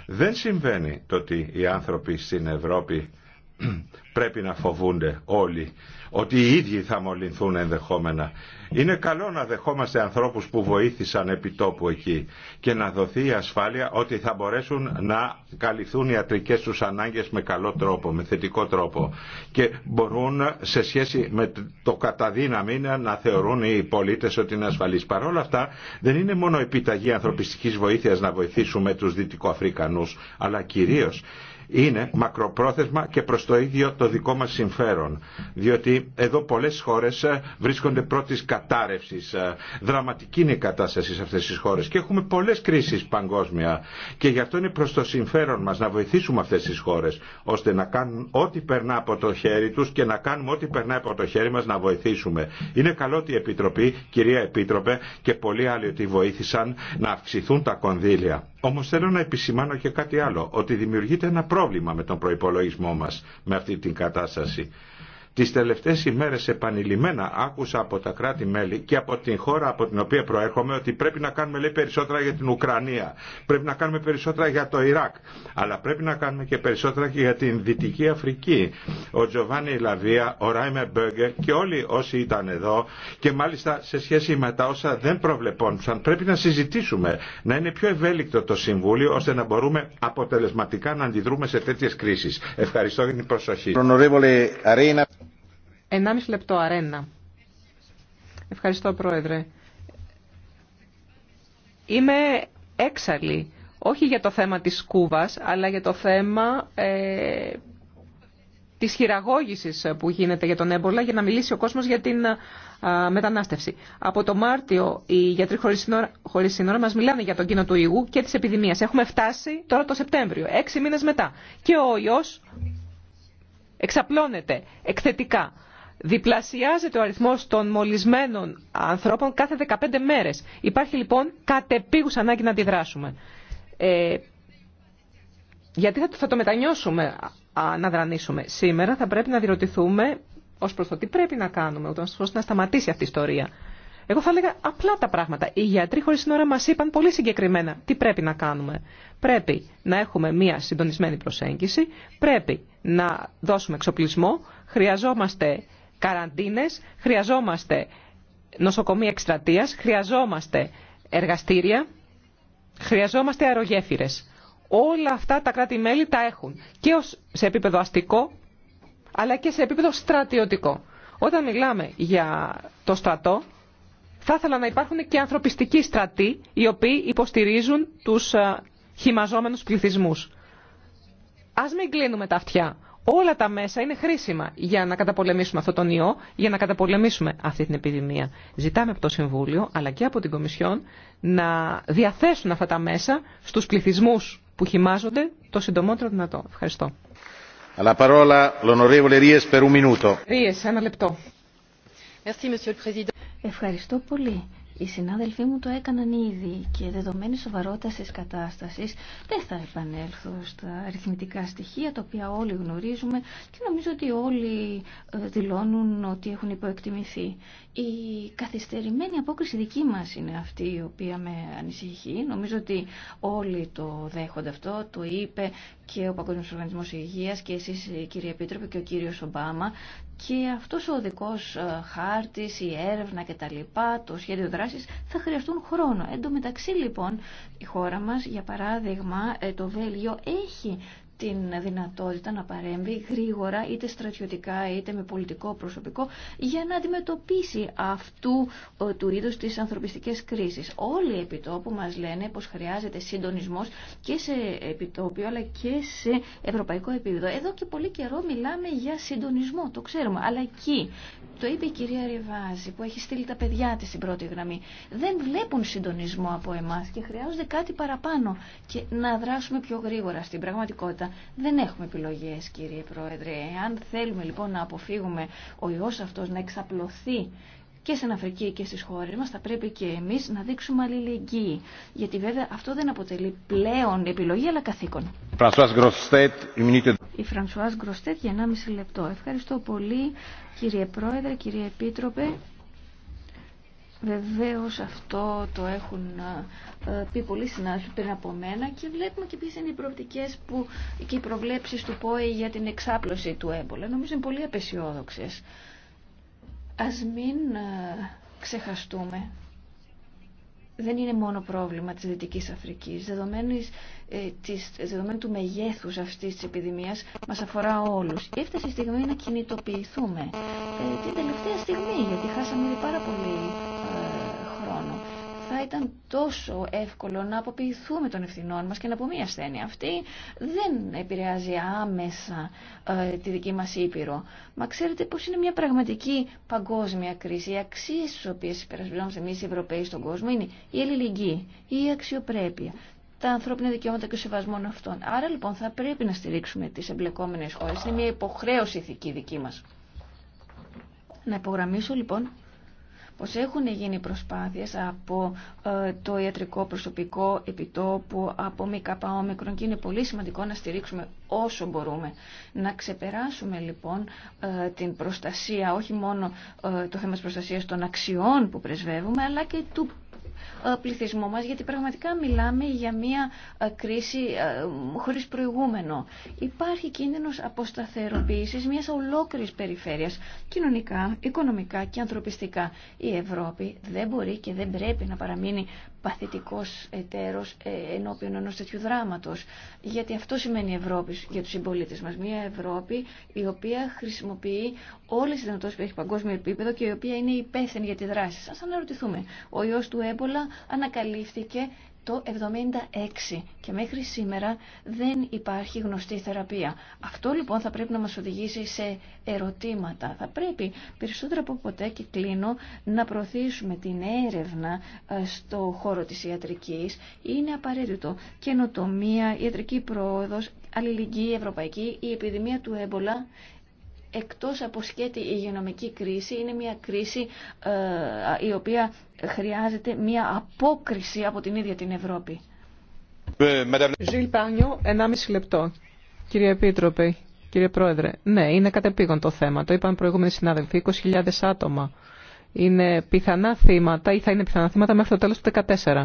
Δεν συμβαίνει το ότι οι άνθρωποι στην Ευρώπη πρέπει να φοβούνται όλοι ότι οι ίδιοι θα μολυνθούν ενδεχόμενα. Είναι καλό να δεχόμαστε ανθρώπους που βοήθησαν επί τόπου εκεί και να δοθεί η ασφάλεια ότι θα μπορέσουν να καλυφθούν οι ιατρικές τους ανάγκες με καλό τρόπο, με θετικό τρόπο και μπορούν σε σχέση με το καταδύναμη να θεωρούν οι πολίτες ότι είναι ασφαλείς. Παρ' όλα αυτά δεν είναι μόνο επιταγή ανθρωπιστικής βοήθειας να βοηθήσουμε τους Δυτικοαφρικανούς αλλά κυρίως είναι μακροπρόθεσμα και προς το ίδιο το δικό μας συμφέρον. Διότι εδώ πολλές χώρες ε, βρίσκονται πρώτης κατάρρευσης. Ε. Δραματική είναι η κατάσταση σε αυτές τις χώρες και έχουμε πολλές κρίσεις παγκόσμια και γι' αυτό είναι προς το συμφέρον μας να βοηθήσουμε αυτές τις χώρες ώστε να κάνουν ό,τι περνά από το χέρι τους και να κάνουμε ό,τι περνά από το χέρι μας να βοηθήσουμε. Είναι καλό ότι η Επιτροπή, κυρία Επίτροπε και πολλοί άλλοι ότι βοήθησαν να αυξηθούν τα κονδύλια Όμω θέλω να επισημάνω και κάτι άλλο, ότι δημιουργείται ένα πρόβλημα με τον προπολογισμό μα με αυτή την κατάσταση. Τις τελευταίες ημέρες επανειλημμένα άκουσα από τα κράτη-μέλη και από την χώρα από την οποία προέρχομαι ότι πρέπει να κάνουμε λέει, περισσότερα για την Ουκρανία, πρέπει να κάνουμε περισσότερα για το Ιράκ, αλλά πρέπει να κάνουμε και περισσότερα και για την Δυτική Αφρική. Ο Τζοβάνι Λαβία, ο Ράιμε Μπέργκερ και όλοι όσοι ήταν εδώ και μάλιστα σε σχέση με τα όσα δεν προβλεπόντουσαν πρέπει να συζητήσουμε, να είναι πιο ευέλικτο το Συμβούλιο ώστε να μπορούμε αποτελεσματικά να αντιδρούμε σε τέτοιες κρίσεις. Ευχαριστώ για την προσοχή. 1,5 λεπτό αρένα. Ευχαριστώ, Πρόεδρε. Είμαι έξαλλη, όχι για το θέμα της Κούβας, αλλά για το θέμα ε, της χειραγώγησης που γίνεται για τον έμπολα για να μιλήσει ο κόσμος για την μετανάστευση. Από το Μάρτιο οι γιατροί χωρίς σύνορα, χωρίς μας μιλάνε για τον κίνο του ιού και της επιδημίας. Έχουμε φτάσει τώρα το Σεπτέμβριο, έξι μήνες μετά. Και ο ιός εξαπλώνεται εκθετικά διπλασιάζεται ο αριθμός των μολυσμένων ανθρώπων κάθε 15 μέρες. Υπάρχει λοιπόν κατεπίγουσα ανάγκη να αντιδράσουμε. Ε, γιατί θα, το μετανιώσουμε να δρανήσουμε. Σήμερα θα πρέπει να διρωτηθούμε ως προς το τι πρέπει να κάνουμε, ώστε να σταματήσει αυτή η ιστορία. Εγώ θα έλεγα απλά τα πράγματα. Οι γιατροί χωρίς σύνορα μας είπαν πολύ συγκεκριμένα τι πρέπει να κάνουμε. Πρέπει να έχουμε μία συντονισμένη προσέγγιση, πρέπει να δώσουμε εξοπλισμό, χρειαζόμαστε καραντίνες, χρειαζόμαστε νοσοκομεία εκστρατείας, χρειαζόμαστε εργαστήρια, χρειαζόμαστε αερογέφυρες. Όλα αυτά τα κράτη-μέλη τα έχουν και ως σε επίπεδο αστικό αλλά και σε επίπεδο στρατιωτικό. Όταν μιλάμε για το στρατό, θα ήθελα να υπάρχουν και ανθρωπιστικοί στρατοί οι οποίοι υποστηρίζουν τους ε, χυμαζόμενους πληθυσμούς. Ας μην κλείνουμε τα αυτιά όλα τα μέσα είναι χρήσιμα για να καταπολεμήσουμε αυτόν τον ιό, για να καταπολεμήσουμε αυτή την επιδημία. Ζητάμε από το Συμβούλιο αλλά και από την Κομισιόν να διαθέσουν αυτά τα μέσα στους πληθυσμού που χυμάζονται το συντομότερο δυνατό. Ευχαριστώ. per un minuto. Ευχαριστώ πολύ. Οι συνάδελφοί μου το έκαναν ήδη και δεδομένη σοβαρότητα τη κατάσταση δεν θα επανέλθω στα αριθμητικά στοιχεία τα οποία όλοι γνωρίζουμε και νομίζω ότι όλοι ε, δηλώνουν ότι έχουν υποεκτιμηθεί. Η καθυστερημένη απόκριση δική μα είναι αυτή η οποία με ανησυχεί. Νομίζω ότι όλοι το δέχονται αυτό, το είπε και ο Παγκόσμιος Οργανισμός Υγείας και εσείς κύριε Επίτροπε και ο κύριος Ομπάμα και αυτός ο δικός ε, χάρτης, η έρευνα και τα λοιπά, το σχέδιο δράσης θα χρειαστούν χρόνο. Εν τω μεταξύ λοιπόν η χώρα μας, για παράδειγμα ε, το Βέλγιο έχει την δυνατότητα να παρέμβει γρήγορα είτε στρατιωτικά είτε με πολιτικό προσωπικό για να αντιμετωπίσει αυτού ε, του είδους τις ανθρωπιστικές κρίσει. Όλοι οι επιτόπου μας λένε πως χρειάζεται συντονισμός και σε επιτόπιο αλλά και σε ευρωπαϊκό επίπεδο. Εδώ και πολύ καιρό μιλάμε για συντονισμό, το ξέρουμε, αλλά εκεί το είπε η κυρία Ριβάζη που έχει στείλει τα παιδιά της στην πρώτη γραμμή. Δεν βλέπουν συντονισμό από εμά και χρειάζονται κάτι παραπάνω και να δράσουμε πιο γρήγορα στην πραγματικότητα δεν έχουμε επιλογές κύριε Πρόεδρε. Αν θέλουμε λοιπόν να αποφύγουμε ο ιός αυτός να εξαπλωθεί και στην Αφρική και στις χώρες μας θα πρέπει και εμείς να δείξουμε αλληλεγγύη. Γιατί βέβαια αυτό δεν αποτελεί πλέον επιλογή αλλά καθήκον. Η Φρανσουάς Γκροστέτ για 1,5 λεπτό. Ευχαριστώ πολύ κύριε Πρόεδρε, κύριε Επίτροπε. Βεβαίω αυτό το έχουν πει πολλοί συνάδελφοι πριν από μένα και βλέπουμε και ποιε είναι οι προοπτικέ και οι προβλέψει του ΠΟΕ για την εξάπλωση του έμπολα. Νομίζω είναι πολύ απεσιόδοξε. Α μην ξεχαστούμε. Δεν είναι μόνο πρόβλημα της Δυτικής Αφρικής. Ε, δεδομένου του μεγέθους αυτής της επιδημίας μας αφορά όλους. Έφτασε η στιγμή να κινητοποιηθούμε. Ε, την τελευταία στιγμή, γιατί χάσαμε ήδη πάρα πολύ θα ήταν τόσο εύκολο να αποποιηθούμε των ευθυνών μας και να πούμε η ασθένεια αυτή δεν επηρεάζει άμεσα ε, τη δική μας Ήπειρο. Μα ξέρετε πως είναι μια πραγματική παγκόσμια κρίση. Οι αξίες στις οποίες υπερασπιζόμαστε εμείς οι Ευρωπαίοι στον κόσμο είναι η ελληνική, η αξιοπρέπεια, τα ανθρώπινα δικαιώματα και ο σεβασμό αυτών. Άρα λοιπόν θα πρέπει να στηρίξουμε τις εμπλεκόμενες χώρες. Είναι μια υποχρέωση ηθική δική μας. Να υπογραμμίσω λοιπόν πως έχουν γίνει προσπάθειες από ε, το ιατρικό προσωπικό επιτόπου, από μη καπαόμικρον και είναι πολύ σημαντικό να στηρίξουμε όσο μπορούμε. Να ξεπεράσουμε λοιπόν ε, την προστασία, όχι μόνο ε, το θέμα της προστασίας των αξιών που πρεσβεύουμε, αλλά και του ε, πληθυσμό μας, γιατί πραγματικά μιλάμε για μια ε, κρίση ε, χωρίς προηγούμενο. Υπάρχει κίνδυνος αποσταθεροποίησης μιας ολόκληρης περιφέρειας, κοινωνικά, οικονομικά και ανθρωπιστικά. Η Ευρώπη δεν μπορεί και δεν πρέπει να παραμείνει παθητικός εταίρος ε, ενώπιον ενός τέτοιου δράματος. Γιατί αυτό σημαίνει Ευρώπη για τους συμπολίτε μας. Μια Ευρώπη η οποία χρησιμοποιεί όλες τις δυνατότητες που έχει παγκόσμιο επίπεδο και η οποία είναι υπεύθυνη για τη δράση. Ας αναρωτηθούμε. Ο ιός του έμπολα ανακαλύφθηκε το 76 και μέχρι σήμερα δεν υπάρχει γνωστή θεραπεία. Αυτό λοιπόν θα πρέπει να μας οδηγήσει σε ερωτήματα. Θα πρέπει περισσότερο από ποτέ και κλείνω να προωθήσουμε την έρευνα ε, στο χώρο της ιατρικής. Είναι απαραίτητο καινοτομία, ιατρική πρόοδος, αλληλεγγύη ευρωπαϊκή, η επιδημία του έμπολα εκτός από σκέτη υγειονομική κρίση, είναι μια κρίση ε, η οποία χρειάζεται μια απόκριση από την ίδια την Ευρώπη. Ζιλ Πάνιο, 1,5 λεπτό. Κύριε Επίτροπε, κύριε Πρόεδρε, ναι, είναι κατεπήγον το θέμα. Το είπαν προηγούμενοι συνάδελφοι, 20.000 άτομα είναι πιθανά θύματα ή θα είναι πιθανά θύματα μέχρι το τέλος του 2014.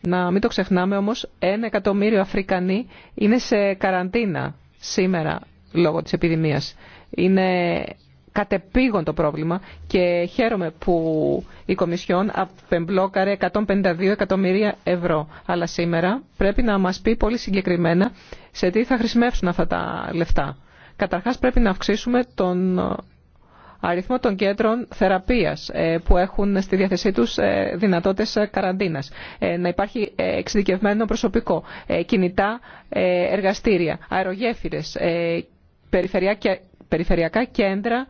Να μην το ξεχνάμε όμως, ένα εκατομμύριο Αφρικανοί είναι σε καραντίνα σήμερα λόγω της επιδημίας. Είναι κατεπήγον το πρόβλημα και χαίρομαι που η Κομισιόν απεμπλόκαρε 152 εκατομμύρια ευρώ. Αλλά σήμερα πρέπει να μας πει πολύ συγκεκριμένα σε τι θα χρησιμεύσουν αυτά τα λεφτά. Καταρχάς πρέπει να αυξήσουμε τον αριθμό των κέντρων θεραπείας ε, που έχουν στη διάθεσή τους ε, δυνατότητες ε, καραντίνας. Να υπάρχει εξειδικευμένο προσωπικό, κινητά εργαστήρια, αερογέφυρες, περιφερειακά περιφερειακά κέντρα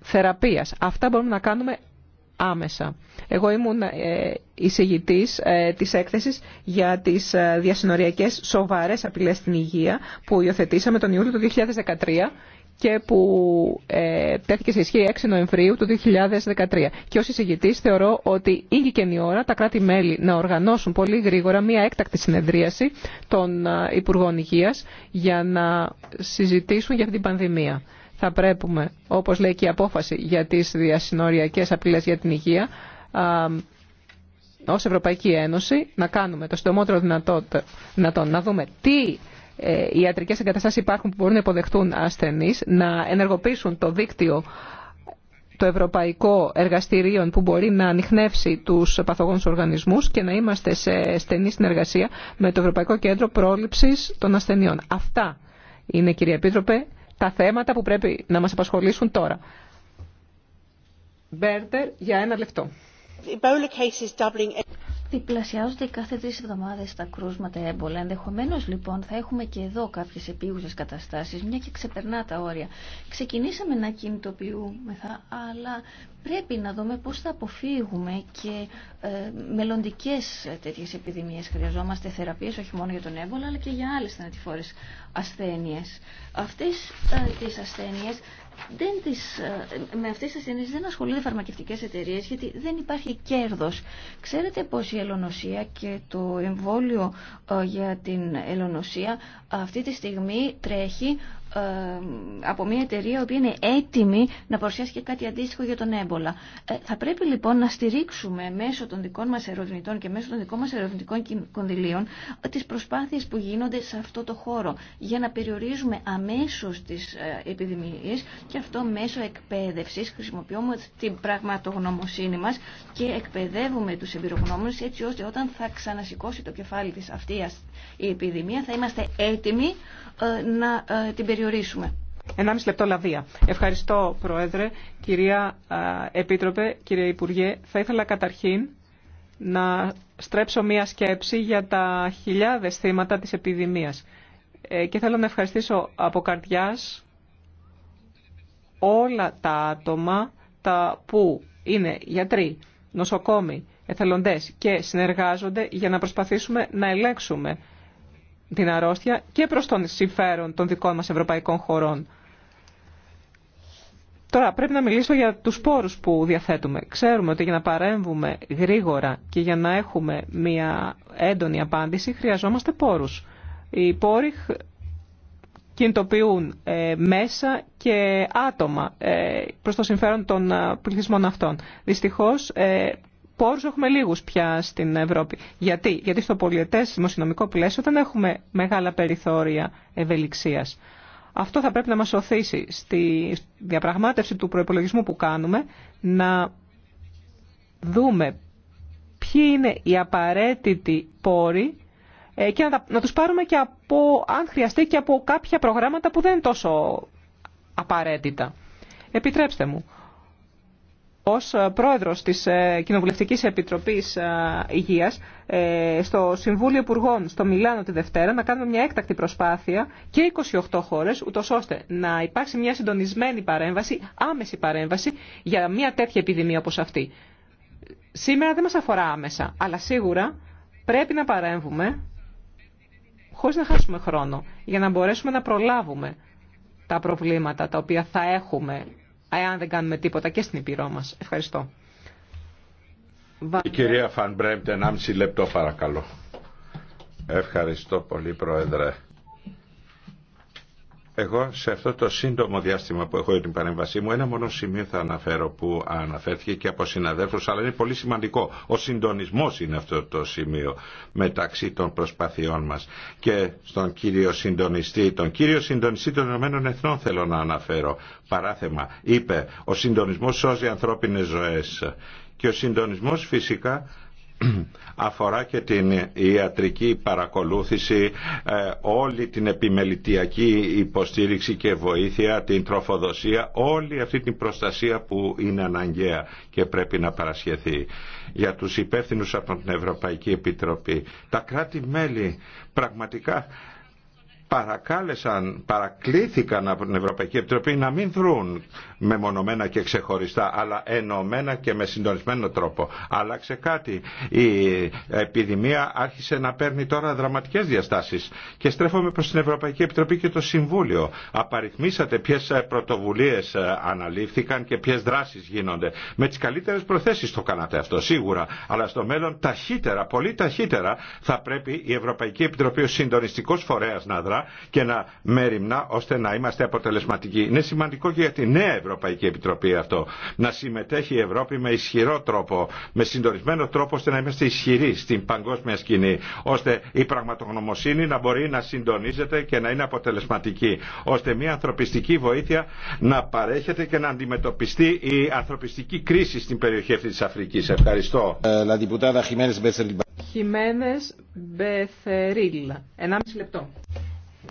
θεραπείας. Αυτά μπορούμε να κάνουμε άμεσα. Εγώ ήμουν ε, εισηγητής ε, της έκθεσης για τις ε, διασυνοριακές σοβαρές απειλές στην υγεία που υιοθετήσαμε τον Ιούλιο του 2013 και που ε, τέθηκε σε ισχύ 6 Νοεμβρίου του 2013. Και ως εισηγητής θεωρώ ότι ήγηκε η ώρα τα κράτη-μέλη να οργανώσουν πολύ γρήγορα μια έκτακτη συνεδρίαση των ε, Υπουργών Υγείας για να συζητήσουν για αυτή την πανδημία. Θα πρέπει, όπως λέει και η απόφαση για τις διασυνοριακές απειλές για την υγεία, ως Ευρωπαϊκή Ένωση να κάνουμε το συντομότερο δυνατό, δυνατόν να δούμε τι ε, οι ιατρικές εγκαταστάσεις υπάρχουν που μπορούν να υποδεχτούν ασθενείς, να ενεργοποιήσουν το δίκτυο το ευρωπαϊκό Εργαστήριο που μπορεί να ανοιχνεύσει τους παθογόνους οργανισμούς και να είμαστε σε στενή συνεργασία με το Ευρωπαϊκό Κέντρο Πρόληψης των Ασθενειών. Αυτά είναι, κύριε Επίτροπε, τα θέματα που πρέπει να μας απασχολήσουν τώρα. Μπέρτερ, για ένα λεπτό διπλασιάζονται κάθε τρει εβδομάδες τα κρούσματα έμπολα. Ενδεχομένω λοιπόν θα έχουμε και εδώ κάποιε επίγουσες καταστάσεις, μια και ξεπερνά τα όρια. Ξεκινήσαμε να κινητοποιούμεθα, αλλά πρέπει να δούμε πώς θα αποφύγουμε και ε, μελλοντικές τέτοιες επιδημίες. Χρειαζόμαστε θεραπείες όχι μόνο για τον έμπολα αλλά και για άλλες θανατηφόρες ασθένειες. Αυτές ε, τις ασθένειες δεν τις, ε, με αυτές τις ασθένειες δεν ασχολούνται φαρμακευτικές εταιρείες γιατί δεν υπάρχει κέρδος. Ξέρετε πως η ελονοσία και το εμβόλιο ε, για την ελονοσία αυτή τη στιγμή τρέχει από μια εταιρεία που οποία είναι έτοιμη να παρουσιάσει και κάτι αντίστοιχο για τον έμπολα. Ε, θα πρέπει λοιπόν να στηρίξουμε μέσω των δικών μας ερευνητών και μέσω των δικών μας ερευνητικών κονδυλίων ε, τις προσπάθειες που γίνονται σε αυτό το χώρο για να περιορίζουμε αμέσως τις ε, επιδημίες και αυτό μέσω εκπαίδευσης χρησιμοποιούμε την πραγματογνωμοσύνη μας και εκπαιδεύουμε τους εμπειρογνώμους έτσι ώστε όταν θα ξανασηκώσει το κεφάλι της αυτή η επιδημία θα είμαστε έτοιμοι ε, να ε, την περιορίσουμε. 1,5 λεπτό λαβία. Ευχαριστώ Πρόεδρε, κυρία ε, Επίτροπε, κύριε Υπουργέ. Θα ήθελα καταρχήν να στρέψω μία σκέψη για τα χιλιάδες θύματα της επιδημίας. Και θέλω να ευχαριστήσω από καρδιάς όλα τα άτομα τα που είναι γιατροί, νοσοκόμοι, εθελοντές και συνεργάζονται για να προσπαθήσουμε να ελέγξουμε την αρρώστια και προς τον συμφέρον των δικών μας ευρωπαϊκών χωρών. Τώρα πρέπει να μιλήσω για τους πόρους που διαθέτουμε. Ξέρουμε ότι για να παρέμβουμε γρήγορα και για να έχουμε μια έντονη απάντηση χρειαζόμαστε πόρους. Οι πόροι κινητοποιούν ε, μέσα και άτομα ε, προς το συμφέρον των ε, πληθυσμών αυτών. Δυστυχώς Πόρου έχουμε λίγους πια στην Ευρώπη. Γιατί, Γιατί στο πολιτεύσιμο-συνομικό πλαίσιο δεν έχουμε μεγάλα περιθώρια ευελιξίας. Αυτό θα πρέπει να μα οθήσει στη διαπραγμάτευση του προπολογισμού που κάνουμε να δούμε ποιοι είναι οι απαραίτητοι πόροι ε, και να, να τους πάρουμε και από, αν χρειαστεί, και από κάποια προγράμματα που δεν είναι τόσο απαραίτητα. Επιτρέψτε μου ως ε, πρόεδρος της ε, Κοινοβουλευτικής Επιτροπής ε, Υγείας στο Συμβούλιο Υπουργών στο Μιλάνο τη Δευτέρα να κάνουμε μια έκτακτη προσπάθεια και 28 χώρες ούτω ώστε να υπάρξει μια συντονισμένη παρέμβαση, άμεση παρέμβαση για μια τέτοια επιδημία όπως αυτή. Σήμερα δεν μας αφορά άμεσα, αλλά σίγουρα πρέπει να παρέμβουμε χωρίς να χάσουμε χρόνο για να μπορέσουμε να προλάβουμε τα προβλήματα τα οποία θα έχουμε εάν δεν κάνουμε τίποτα και στην Υπηρώ μας. Ευχαριστώ. Η κυρία Φαν Μπρέμπτε, 1,5 λεπτό παρακαλώ. Ευχαριστώ πολύ Πρόεδρε. Εγώ σε αυτό το σύντομο διάστημα που έχω για την παρέμβασή μου ένα μόνο σημείο θα αναφέρω που αναφέρθηκε και από συναδέλφου, αλλά είναι πολύ σημαντικό. Ο συντονισμό είναι αυτό το σημείο μεταξύ των προσπαθειών μας και στον κύριο συντονιστή. Τον κύριο συντονιστή των Ηνωμένων Εθνών θέλω να αναφέρω. Παράθεμα είπε ο συντονισμό σώζει ανθρώπινε ζωέ και ο συντονισμό φυσικά αφορά και την ιατρική παρακολούθηση, ε, όλη την επιμελητιακή υποστήριξη και βοήθεια, την τροφοδοσία, όλη αυτή την προστασία που είναι αναγκαία και πρέπει να παρασχεθεί. Για τους υπεύθυνους από την Ευρωπαϊκή Επιτροπή, τα κράτη-μέλη πραγματικά παρακάλεσαν, παρακλήθηκαν από την Ευρωπαϊκή Επιτροπή να μην δρουν μεμονωμένα και ξεχωριστά, αλλά ενωμένα και με συντονισμένο τρόπο. Άλλαξε κάτι. Η επιδημία άρχισε να παίρνει τώρα δραματικές διαστάσεις και στρέφομαι προς την Ευρωπαϊκή Επιτροπή και το Συμβούλιο. Απαριθμίσατε ποιες πρωτοβουλίες αναλήφθηκαν και ποιες δράσεις γίνονται. Με τις καλύτερες προθέσεις το κάνατε αυτό, σίγουρα. Αλλά στο μέλλον ταχύτερα, πολύ ταχύτερα θα πρέπει η Ευρωπαϊκή Επιτροπή ως συντονιστικός φορέας να δράσει και να μεριμνά ώστε να είμαστε αποτελεσματικοί. Είναι σημαντικό και για τη νέα Ευρωπαϊκή Επιτροπή αυτό. Να συμμετέχει η Ευρώπη με ισχυρό τρόπο, με συντονισμένο τρόπο ώστε να είμαστε ισχυροί στην παγκόσμια σκηνή, ώστε η πραγματογνωμοσύνη να μπορεί να συντονίζεται και να είναι αποτελεσματική, ώστε μια ανθρωπιστική βοήθεια να παρέχεται και να αντιμετωπιστεί η ανθρωπιστική κρίση στην περιοχή αυτή τη Αφρική. Ευχαριστώ. Ε, Μπεθερίλ. λεπτό.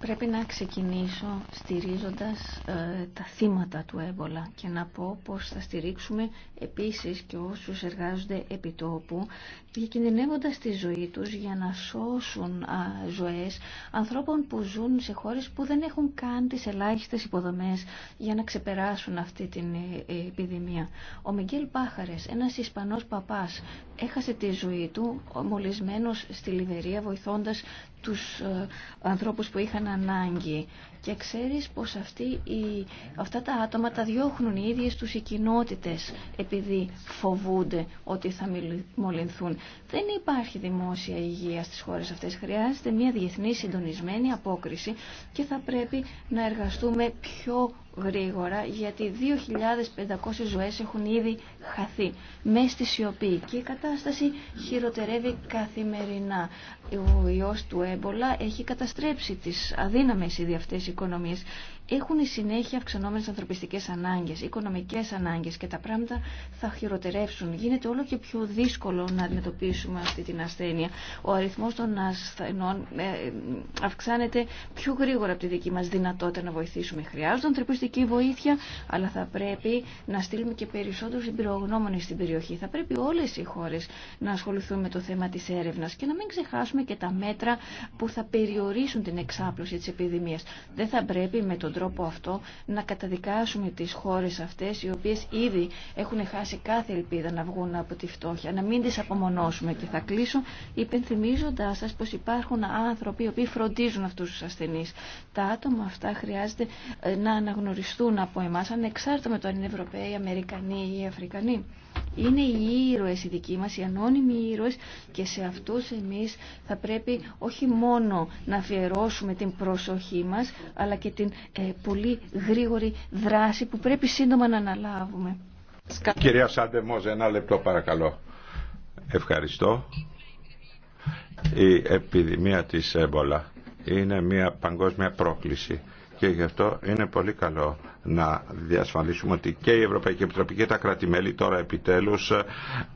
Πρέπει να ξεκινήσω στηρίζοντας ε, τα θύματα του έμπολα και να πω πως θα στηρίξουμε επίσης και όσους εργάζονται επί τόπου διακινδυνεύοντας τη ζωή τους για να σώσουν α, ζωές ανθρώπων που ζουν σε χώρες που δεν έχουν καν τις ελάχιστες υποδομές για να ξεπεράσουν αυτή την ε, ε, επιδημία. Ο Μιγγέλ Πάχαρες, ένας Ισπανός παπάς, έχασε τη ζωή του μολυσμένος στη Λιβερία βοηθώντας τους ε, ανθρώπους που είχαν ανάγκη. Και ξέρεις πως αυτοί οι, αυτά τα άτομα τα διώχνουν οι ίδιες τους οι κοινότητες επειδή φοβούνται ότι θα μολυνθούν. Δεν υπάρχει δημόσια υγεία στις χώρες αυτές. Χρειάζεται μια διεθνή συντονισμένη απόκριση και θα πρέπει να εργαστούμε πιο γρήγορα γιατί 2.500 ζωές έχουν ήδη χαθεί με στη σιωπή και η κατάσταση χειροτερεύει καθημερινά. Ο ιός του έμπολα έχει καταστρέψει τις αδύναμες ήδη οικονομίες έχουν η συνέχεια αυξανόμενε ανθρωπιστικέ ανάγκε, οικονομικέ ανάγκε, και τα πράγματα θα χειροτερεύσουν. Γίνεται όλο και πιο δύσκολο να αντιμετωπίσουμε αυτή την ασθένεια. Ο αριθμό των ασθενών ε, αυξάνεται πιο γρήγορα από τη δική μα δυνατότητα να βοηθήσουμε. Χρειάζονται ανθρωπιστική βοήθεια, αλλά θα πρέπει να στείλουμε και περισσότερους εμπειρογνώμονε στην περιοχή. Θα πρέπει όλε οι χώρε να ασχοληθούν με το θέμα τη έρευνα και να μην ξεχάσουμε και τα μέτρα που θα περιορίσουν την εξάπλωση τη επιδημία. Δεν θα πρέπει με τον τρόπο αυτό να καταδικάσουμε τις χώρες αυτές οι οποίες ήδη έχουν χάσει κάθε ελπίδα να βγουν από τη φτώχεια, να μην τις απομονώσουμε και θα κλείσω υπενθυμίζοντάς σας πως υπάρχουν άνθρωποι οι οποίοι φροντίζουν αυτούς τους ασθενείς. Τα άτομα αυτά χρειάζεται ε, να αναγνωριστούν από εμάς ανεξάρτητα με το αν είναι Ευρωπαίοι, Αμερικανοί ή Αφρικανοί. Είναι οι ήρωες οι δικοί μας, οι ανώνυμοι ήρωες και σε αυτούς εμείς θα πρέπει όχι μόνο να αφιερώσουμε την προσοχή μας αλλά και την ε, πολύ γρήγορη δράση που πρέπει σύντομα να αναλάβουμε. Κυρία Σάντεμος, ένα λεπτό παρακαλώ. Ευχαριστώ. Η επιδημία της έμπολα είναι μια παγκόσμια πρόκληση και γι' αυτό είναι πολύ καλό να διασφαλίσουμε ότι και η Ευρωπαϊκή Επιτροπή και τα κράτη-μέλη τώρα επιτέλους ε,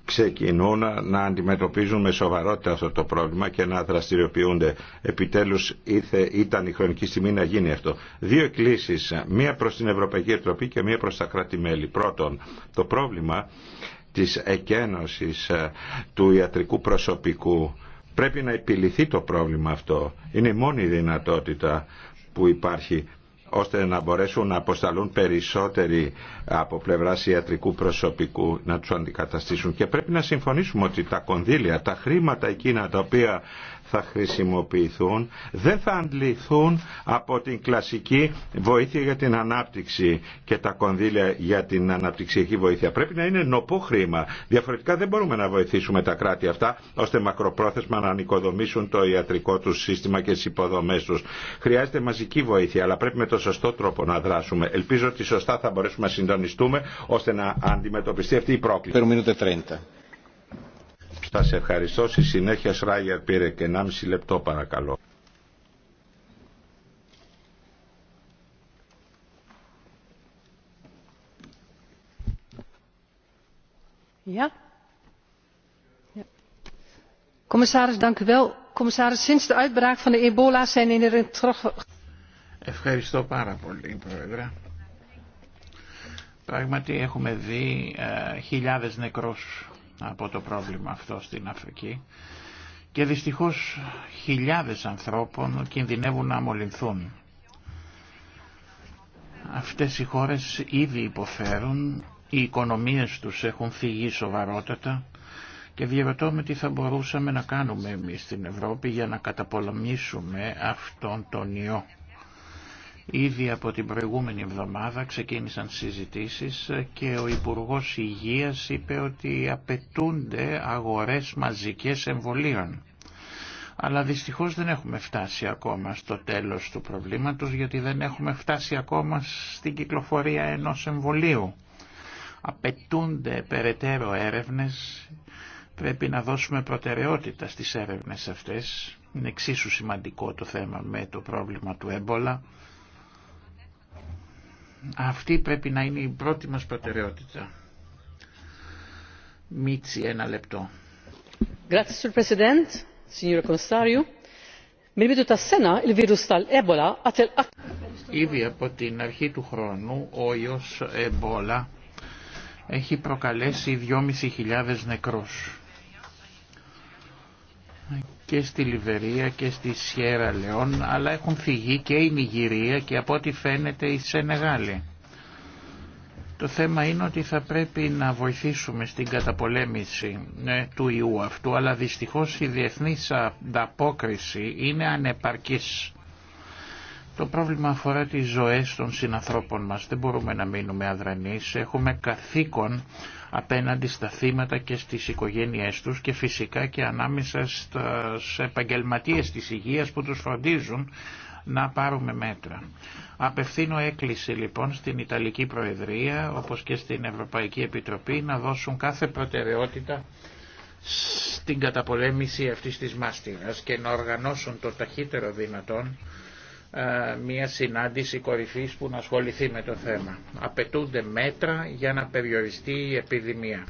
ξεκινούν να αντιμετωπίζουν με σοβαρότητα αυτό το πρόβλημα και να δραστηριοποιούνται. Επιτέλους ήθε, ήταν η χρονική στιγμή να γίνει αυτό. Δύο εκκλήσεις, μία προς την Ευρωπαϊκή Επιτροπή και μία προς τα κράτη-μέλη. Πρώτον, το πρόβλημα της εκένωσης ε, του ιατρικού προσωπικού Πρέπει να επιληθεί το πρόβλημα αυτό. Είναι η μόνη δυνατότητα που υπάρχει ώστε να μπορέσουν να αποσταλούν περισσότεροι από πλευρά ιατρικού προσωπικού να τους αντικαταστήσουν. Και πρέπει να συμφωνήσουμε ότι τα κονδύλια, τα χρήματα εκείνα τα οποία θα χρησιμοποιηθούν δεν θα αντληθούν από την κλασική βοήθεια για την ανάπτυξη και τα κονδύλια για την αναπτυξιακή βοήθεια. Πρέπει να είναι νοπό χρήμα. Διαφορετικά δεν μπορούμε να βοηθήσουμε τα κράτη αυτά ώστε μακροπρόθεσμα να ανοικοδομήσουν το ιατρικό του σύστημα και τι υποδομέ του. Χρειάζεται μαζική βοήθεια, αλλά πρέπει με το σωστό τρόπο να δράσουμε. Ελπίζω ότι σωστά θα μπορέσουμε να συντονιστούμε ώστε να αντιμετωπιστεί αυτή η πρόκληση. Σας ευχαριστώ. Στη συνέχεια Σράγερ πήρε και 1,5 λεπτό παρακαλώ. Ευχαριστώ πάρα πολύ, Πρόεδρε. Πράγματι έχουμε δει ε, χιλιάδες από το πρόβλημα αυτό στην Αφρική και δυστυχώς χιλιάδες ανθρώπων κινδυνεύουν να αμολυνθούν. Αυτές οι χώρες ήδη υποφέρουν, οι οικονομίες τους έχουν φυγεί σοβαρότατα και διαρωτώ με τι θα μπορούσαμε να κάνουμε εμείς στην Ευρώπη για να καταπολεμήσουμε αυτόν τον ιό. Ήδη από την προηγούμενη εβδομάδα ξεκίνησαν συζητήσεις και ο Υπουργός Υγείας είπε ότι απαιτούνται αγορές μαζικές εμβολίων. Αλλά δυστυχώς δεν έχουμε φτάσει ακόμα στο τέλος του προβλήματος γιατί δεν έχουμε φτάσει ακόμα στην κυκλοφορία ενός εμβολίου. Απαιτούνται περαιτέρω έρευνες, πρέπει να δώσουμε προτεραιότητα στις έρευνες αυτές. Είναι εξίσου σημαντικό το θέμα με το πρόβλημα του έμπολα αυτή πρέπει να είναι η πρώτη μας προτεραιότητα. Μίτσι, ένα λεπτό. Ήδη από την αρχή του χρόνου ο ιός εμπόλα έχει προκαλέσει 2.500 νεκρούς και στη Λιβερία και στη Σιέρα Λεόν, αλλά έχουν φυγεί και η Νιγηρία και από ό,τι φαίνεται η Σενεγάλη. Το θέμα είναι ότι θα πρέπει να βοηθήσουμε στην καταπολέμηση ε, του ιού αυτού, αλλά δυστυχώς η διεθνής ανταπόκριση είναι ανεπαρκής. Το πρόβλημα αφορά τις ζωές των συνανθρώπων μας. Δεν μπορούμε να μείνουμε αδρανείς. Έχουμε καθήκον απέναντι στα θύματα και στις οικογένειές τους και φυσικά και ανάμεσα στους επαγγελματίες της υγείας που τους φροντίζουν να πάρουμε μέτρα. Απευθύνω έκκληση λοιπόν στην Ιταλική Προεδρία όπως και στην Ευρωπαϊκή Επιτροπή να δώσουν κάθε προτεραιότητα στην καταπολέμηση αυτής της μάστιγας και να οργανώσουν το ταχύτερο δυνατόν ε, μια συνάντηση κορυφής που να ασχοληθεί με το θέμα. Απαιτούνται μέτρα για να περιοριστεί η επιδημία.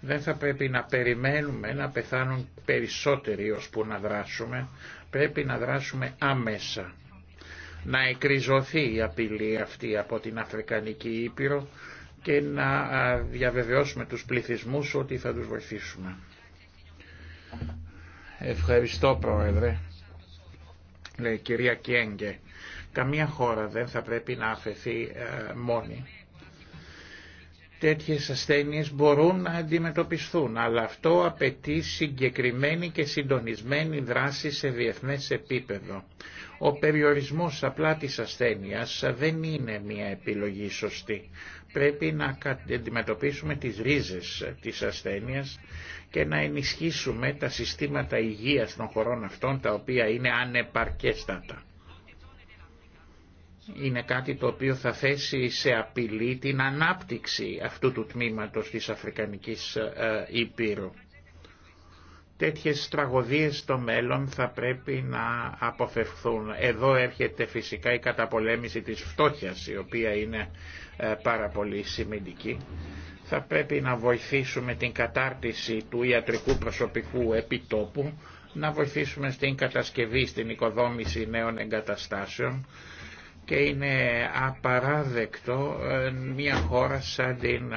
Δεν θα πρέπει να περιμένουμε να πεθάνουν περισσότεροι ώσπου να δράσουμε. Πρέπει να δράσουμε άμεσα. Να εκριζωθεί η απειλή αυτή από την Αφρικανική Ήπειρο και να διαβεβαιώσουμε τους πληθυσμούς ότι θα τους βοηθήσουμε. Ευχαριστώ Πρόεδρε λέει, ναι, κυρία Κιέγκε. Καμία χώρα δεν θα πρέπει να αφαιθεί ε, μόνη. Τέτοιες ασθένειες μπορούν να αντιμετωπιστούν, αλλά αυτό απαιτεί συγκεκριμένη και συντονισμένη δράση σε διεθνές επίπεδο. Ο περιορισμός απλά της ασθένειας δεν είναι μια επιλογή σωστή. Πρέπει να αντιμετωπίσουμε τις ρίζες της ασθένειας και να ενισχύσουμε τα συστήματα υγείας των χωρών αυτών τα οποία είναι ανεπαρκέστατα. Είναι κάτι το οποίο θα θέσει σε απειλή την ανάπτυξη αυτού του τμήματος της Αφρικανικής ε, Ήπειρου. Τέτοιες τραγωδίες στο μέλλον θα πρέπει να αποφευχθούν. Εδώ έρχεται φυσικά η καταπολέμηση της φτώχειας, η οποία είναι ε, πάρα πολύ σημαντική θα πρέπει να βοηθήσουμε την κατάρτιση του ιατρικού προσωπικού επιτόπου, να βοηθήσουμε στην κατασκευή, στην οικοδόμηση νέων εγκαταστάσεων και είναι απαράδεκτο ε, μια χώρα σαν την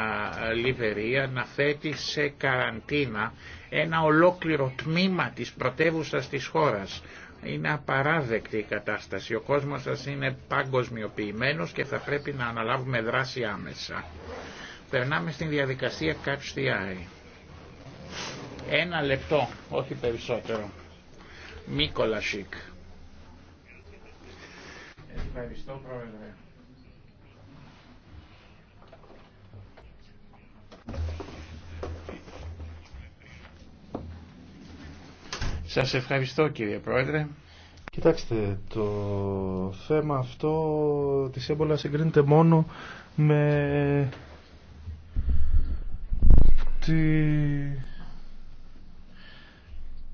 Λιβερία να θέτει σε καραντίνα ένα ολόκληρο τμήμα της πρωτεύουσας της χώρας. Είναι απαράδεκτη η κατάσταση. Ο κόσμος σας είναι παγκοσμιοποιημένος και θα πρέπει να αναλάβουμε δράση άμεσα. Περνάμε στην διαδικασία Catch the Eye. Ένα λεπτό, όχι περισσότερο. Μίκολα Σικ. Ευχαριστώ, Πρόεδρε. Σας ευχαριστώ κύριε Πρόεδρε. Κοιτάξτε, το θέμα αυτό της έμπολα συγκρίνεται μόνο με τη...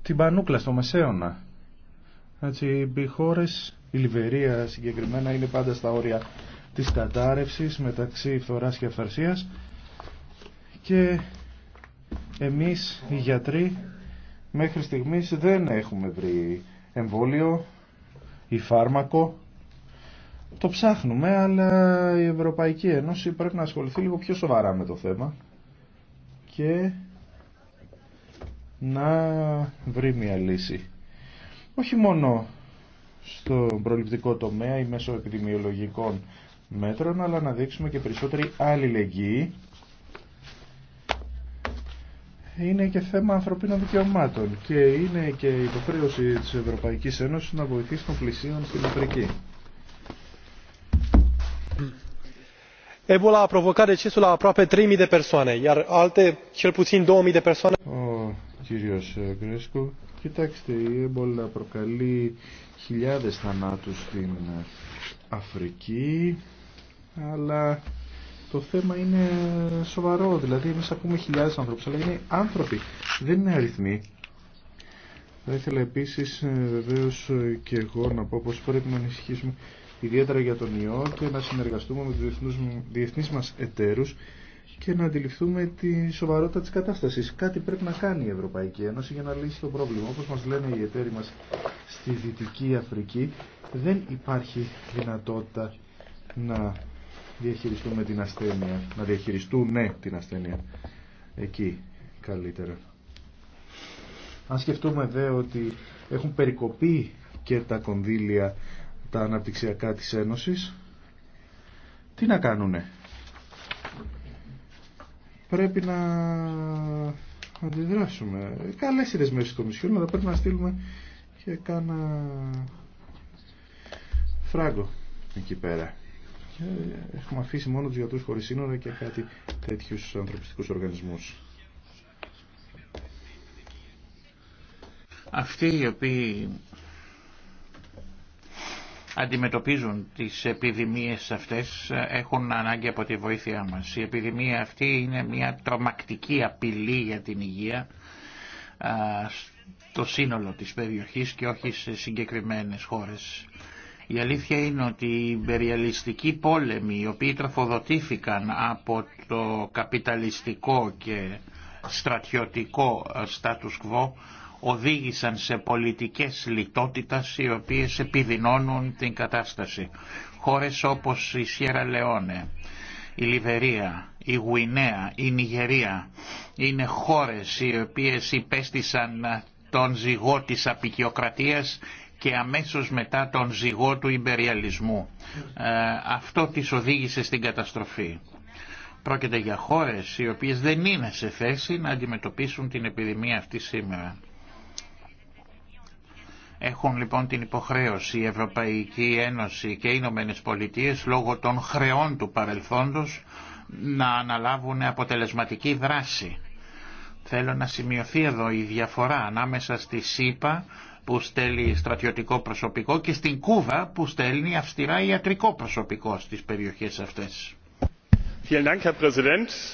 την πανούκλα στο Μεσαίωνα. Έτσι, οι χώρες, η Λιβερία συγκεκριμένα είναι πάντα στα όρια της κατάρρευσης μεταξύ φθοράς και αυθαρσίας και εμείς οι γιατροί μέχρι στιγμής δεν έχουμε βρει εμβόλιο ή φάρμακο. Το ψάχνουμε, αλλά η Ευρωπαϊκή Ένωση πρέπει να ασχοληθεί λίγο πιο σοβαρά με το θέμα και να βρει μια λύση. Όχι μόνο στο προληπτικό τομέα ή μέσω επιδημιολογικών μέτρων, αλλά να δείξουμε και περισσότερη αλληλεγγύη. Είναι και θέμα ανθρωπίνων δικαιωμάτων και είναι και υποχρέωση της Ευρωπαϊκής Ένωσης να βοηθήσει των πλησίον στην Αφρική ebola a provocat decesul a aproape trei de persoane iar alte cel puțin două de persoane. Ο κύριος Γκρέσκο, κοιτάξτε, η έμπολα προκαλεί χιλιάδες θανάτους στην Αφρική, αλλά το θέμα είναι σοβαρό. Δηλαδή, εμείς ακούμε χιλιάδες ανθρώπους, αλλά είναι άνθρωποι, δεν είναι αριθμοί. Θα ήθελα επίσης ε, βεβαίως ε, και εγώ να πω πως πρέπει να ενισχύσουμε ιδιαίτερα για τον ιό και να συνεργαστούμε με τους διεθνείς μας εταίρους και να αντιληφθούμε τη σοβαρότητα της κατάστασης. Κάτι πρέπει να κάνει η Ευρωπαϊκή Ένωση για να λύσει το πρόβλημα. Όπως μας λένε οι εταίροι μας στη Δυτική Αφρική, δεν υπάρχει δυνατότητα να διαχειριστούμε την ασθένεια, να διαχειριστούν την ασθένεια εκεί καλύτερα. Αν σκεφτούμε δε ότι έχουν περικοπεί και τα κονδύλια τα αναπτυξιακά της Ένωσης, τι να κάνουνε. Πρέπει να αντιδράσουμε. Καλές οι δεσμεύσεις του Κομισιόν, αλλά πρέπει να στείλουμε και κάνα φράγκο εκεί πέρα. έχουμε αφήσει μόνο τους γιατρούς χωρίς σύνορα και κάτι τέτοιους ανθρωπιστικούς οργανισμούς. Αυτοί οι οποίοι αντιμετωπίζουν τις επιδημίες αυτές έχουν ανάγκη από τη βοήθειά μας. Η επιδημία αυτή είναι μια τρομακτική απειλή για την υγεία στο σύνολο της περιοχής και όχι σε συγκεκριμένες χώρες. Η αλήθεια είναι ότι οι υπεριαλιστικοί πόλεμοι οι οποίοι τροφοδοτήθηκαν από το καπιταλιστικό και στρατιωτικό status quo οδήγησαν σε πολιτικές λιτότητας οι οποίες επιδεινώνουν την κατάσταση. Χώρες όπως η Σιέρα Λεόνε, η Λιβερία, η Γουινέα, η Νιγερία είναι χώρες οι οποίες υπέστησαν τον ζυγό της απεικιοκρατίας και αμέσως μετά τον ζυγό του υπεριαλισμού. Ε, αυτό τις οδήγησε στην καταστροφή. Πρόκειται για χώρες οι οποίες δεν είναι σε θέση να αντιμετωπίσουν την επιδημία αυτή σήμερα. Έχουν λοιπόν την υποχρέωση η Ευρωπαϊκή Ένωση και οι Ηνωμένε Πολιτείε λόγω των χρεών του παρελθόντος να αναλάβουν αποτελεσματική δράση. Θέλω να σημειωθεί εδώ η διαφορά ανάμεσα στη ΣΥΠΑ που στέλνει στρατιωτικό προσωπικό και στην Κούβα που στέλνει αυστηρά ιατρικό προσωπικό στις περιοχές αυτές.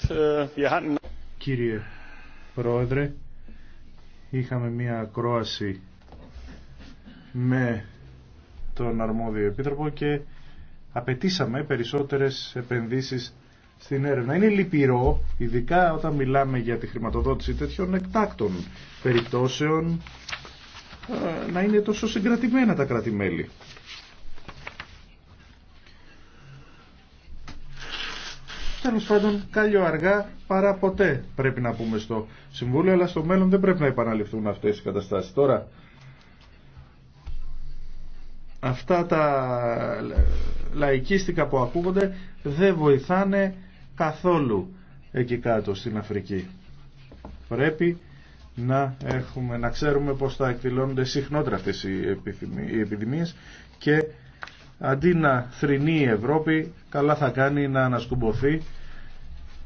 Äh, Κύριε Πρόεδρε, είχαμε μία ακρόαση με τον αρμόδιο επίτροπο και απαιτήσαμε περισσότερες επενδύσεις στην έρευνα. Είναι λυπηρό, ειδικά όταν μιλάμε για τη χρηματοδότηση τέτοιων εκτάκτων περιπτώσεων, ε, να είναι τόσο συγκρατημένα τα κρατημέλη. Τέλο πάντων, κάλλιο αργά παρά ποτέ πρέπει να πούμε στο Συμβούλιο, αλλά στο μέλλον δεν πρέπει να επαναληφθούν αυτέ οι καταστάσει Τώρα, αυτά τα λαϊκίστικα που ακούγονται δεν βοηθάνε καθόλου εκεί κάτω στην Αφρική. Πρέπει να, έχουμε, να ξέρουμε πώς θα εκδηλώνονται συχνότερα αυτές οι επιδημίες και αντί να θρηνεί η Ευρώπη καλά θα κάνει να ανασκουμποθεί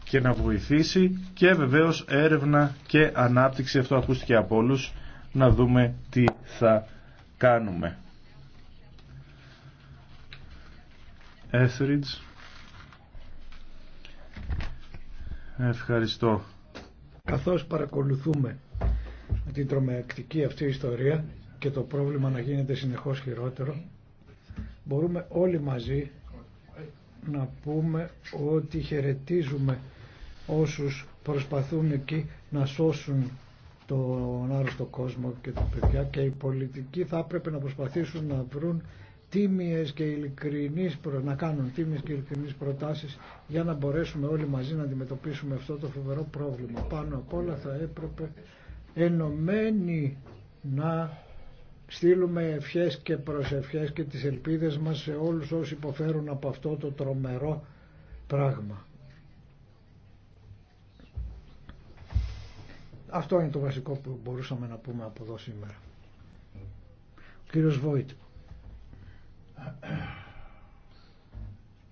και να βοηθήσει και βεβαίως έρευνα και ανάπτυξη, αυτό ακούστηκε από όλους, να δούμε τι θα κάνουμε. Etheridge. Ευχαριστώ. Καθώς παρακολουθούμε την τρομεκτική αυτή ιστορία και το πρόβλημα να γίνεται συνεχώς χειρότερο, μπορούμε όλοι μαζί να πούμε ότι χαιρετίζουμε όσους προσπαθούν εκεί να σώσουν τον άρρωστο κόσμο και τα παιδιά και οι πολιτικοί θα έπρεπε να προσπαθήσουν να βρουν τίμιες και ειλικρινείς, να κάνουν τίμιες και ειλικρινείς προτάσεις για να μπορέσουμε όλοι μαζί να αντιμετωπίσουμε αυτό το φοβερό πρόβλημα. Πάνω απ' όλα θα έπρεπε ενωμένοι να στείλουμε ευχές και προσευχές και τις ελπίδες μας σε όλους όσοι υποφέρουν από αυτό το τρομερό πράγμα. Αυτό είναι το βασικό που μπορούσαμε να πούμε από εδώ σήμερα. κύριος Βόιτ.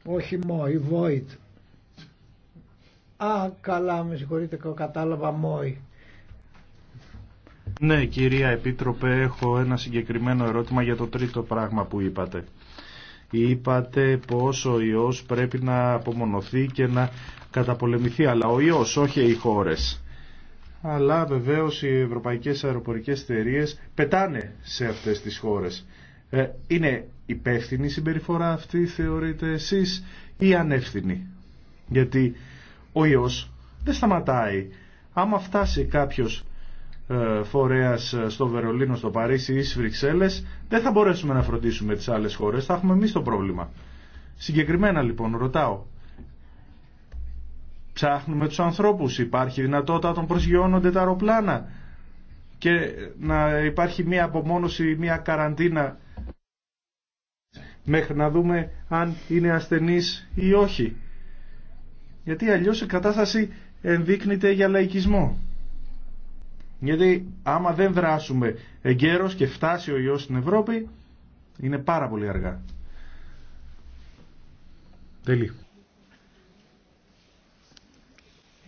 Όχι μόη, void. Α, καλά, με συγχωρείτε, κατάλαβα μόη. Ναι, κυρία Επίτροπε, έχω ένα συγκεκριμένο ερώτημα για το τρίτο πράγμα που είπατε. Είπατε πως ο ιός πρέπει να απομονωθεί και να καταπολεμηθεί, αλλά ο ιός, όχι οι χώρες. Αλλά βεβαίως οι ευρωπαϊκές αεροπορικές εταιρείε πετάνε σε αυτές τις χώρες. Ε, είναι υπεύθυνη συμπεριφορά αυτή θεωρείτε εσείς ή ανεύθυνη. Γιατί ο ιός δεν σταματάει. Άμα φτάσει κάποιος ε, φορέας ε, στο Βερολίνο, στο Παρίσι ή στις Βρυξέλλες, δεν θα μπορέσουμε να φροντίσουμε τις άλλες χώρες, θα έχουμε εμείς το πρόβλημα. Συγκεκριμένα λοιπόν ρωτάω, ψάχνουμε τους ανθρώπους, υπάρχει δυνατότητα τον προσγειώνονται τα αεροπλάνα και να υπάρχει μια απομόνωση, μια καραντίνα μέχρι να δούμε αν είναι ασθενής ή όχι. Γιατί αλλιώς η κατάσταση ενδείκνυται για λαϊκισμό. Γιατί άμα δεν δράσουμε εγκαίρως και φτάσει ο ιός στην Ευρώπη, είναι πάρα πολύ αργά. Τελεί.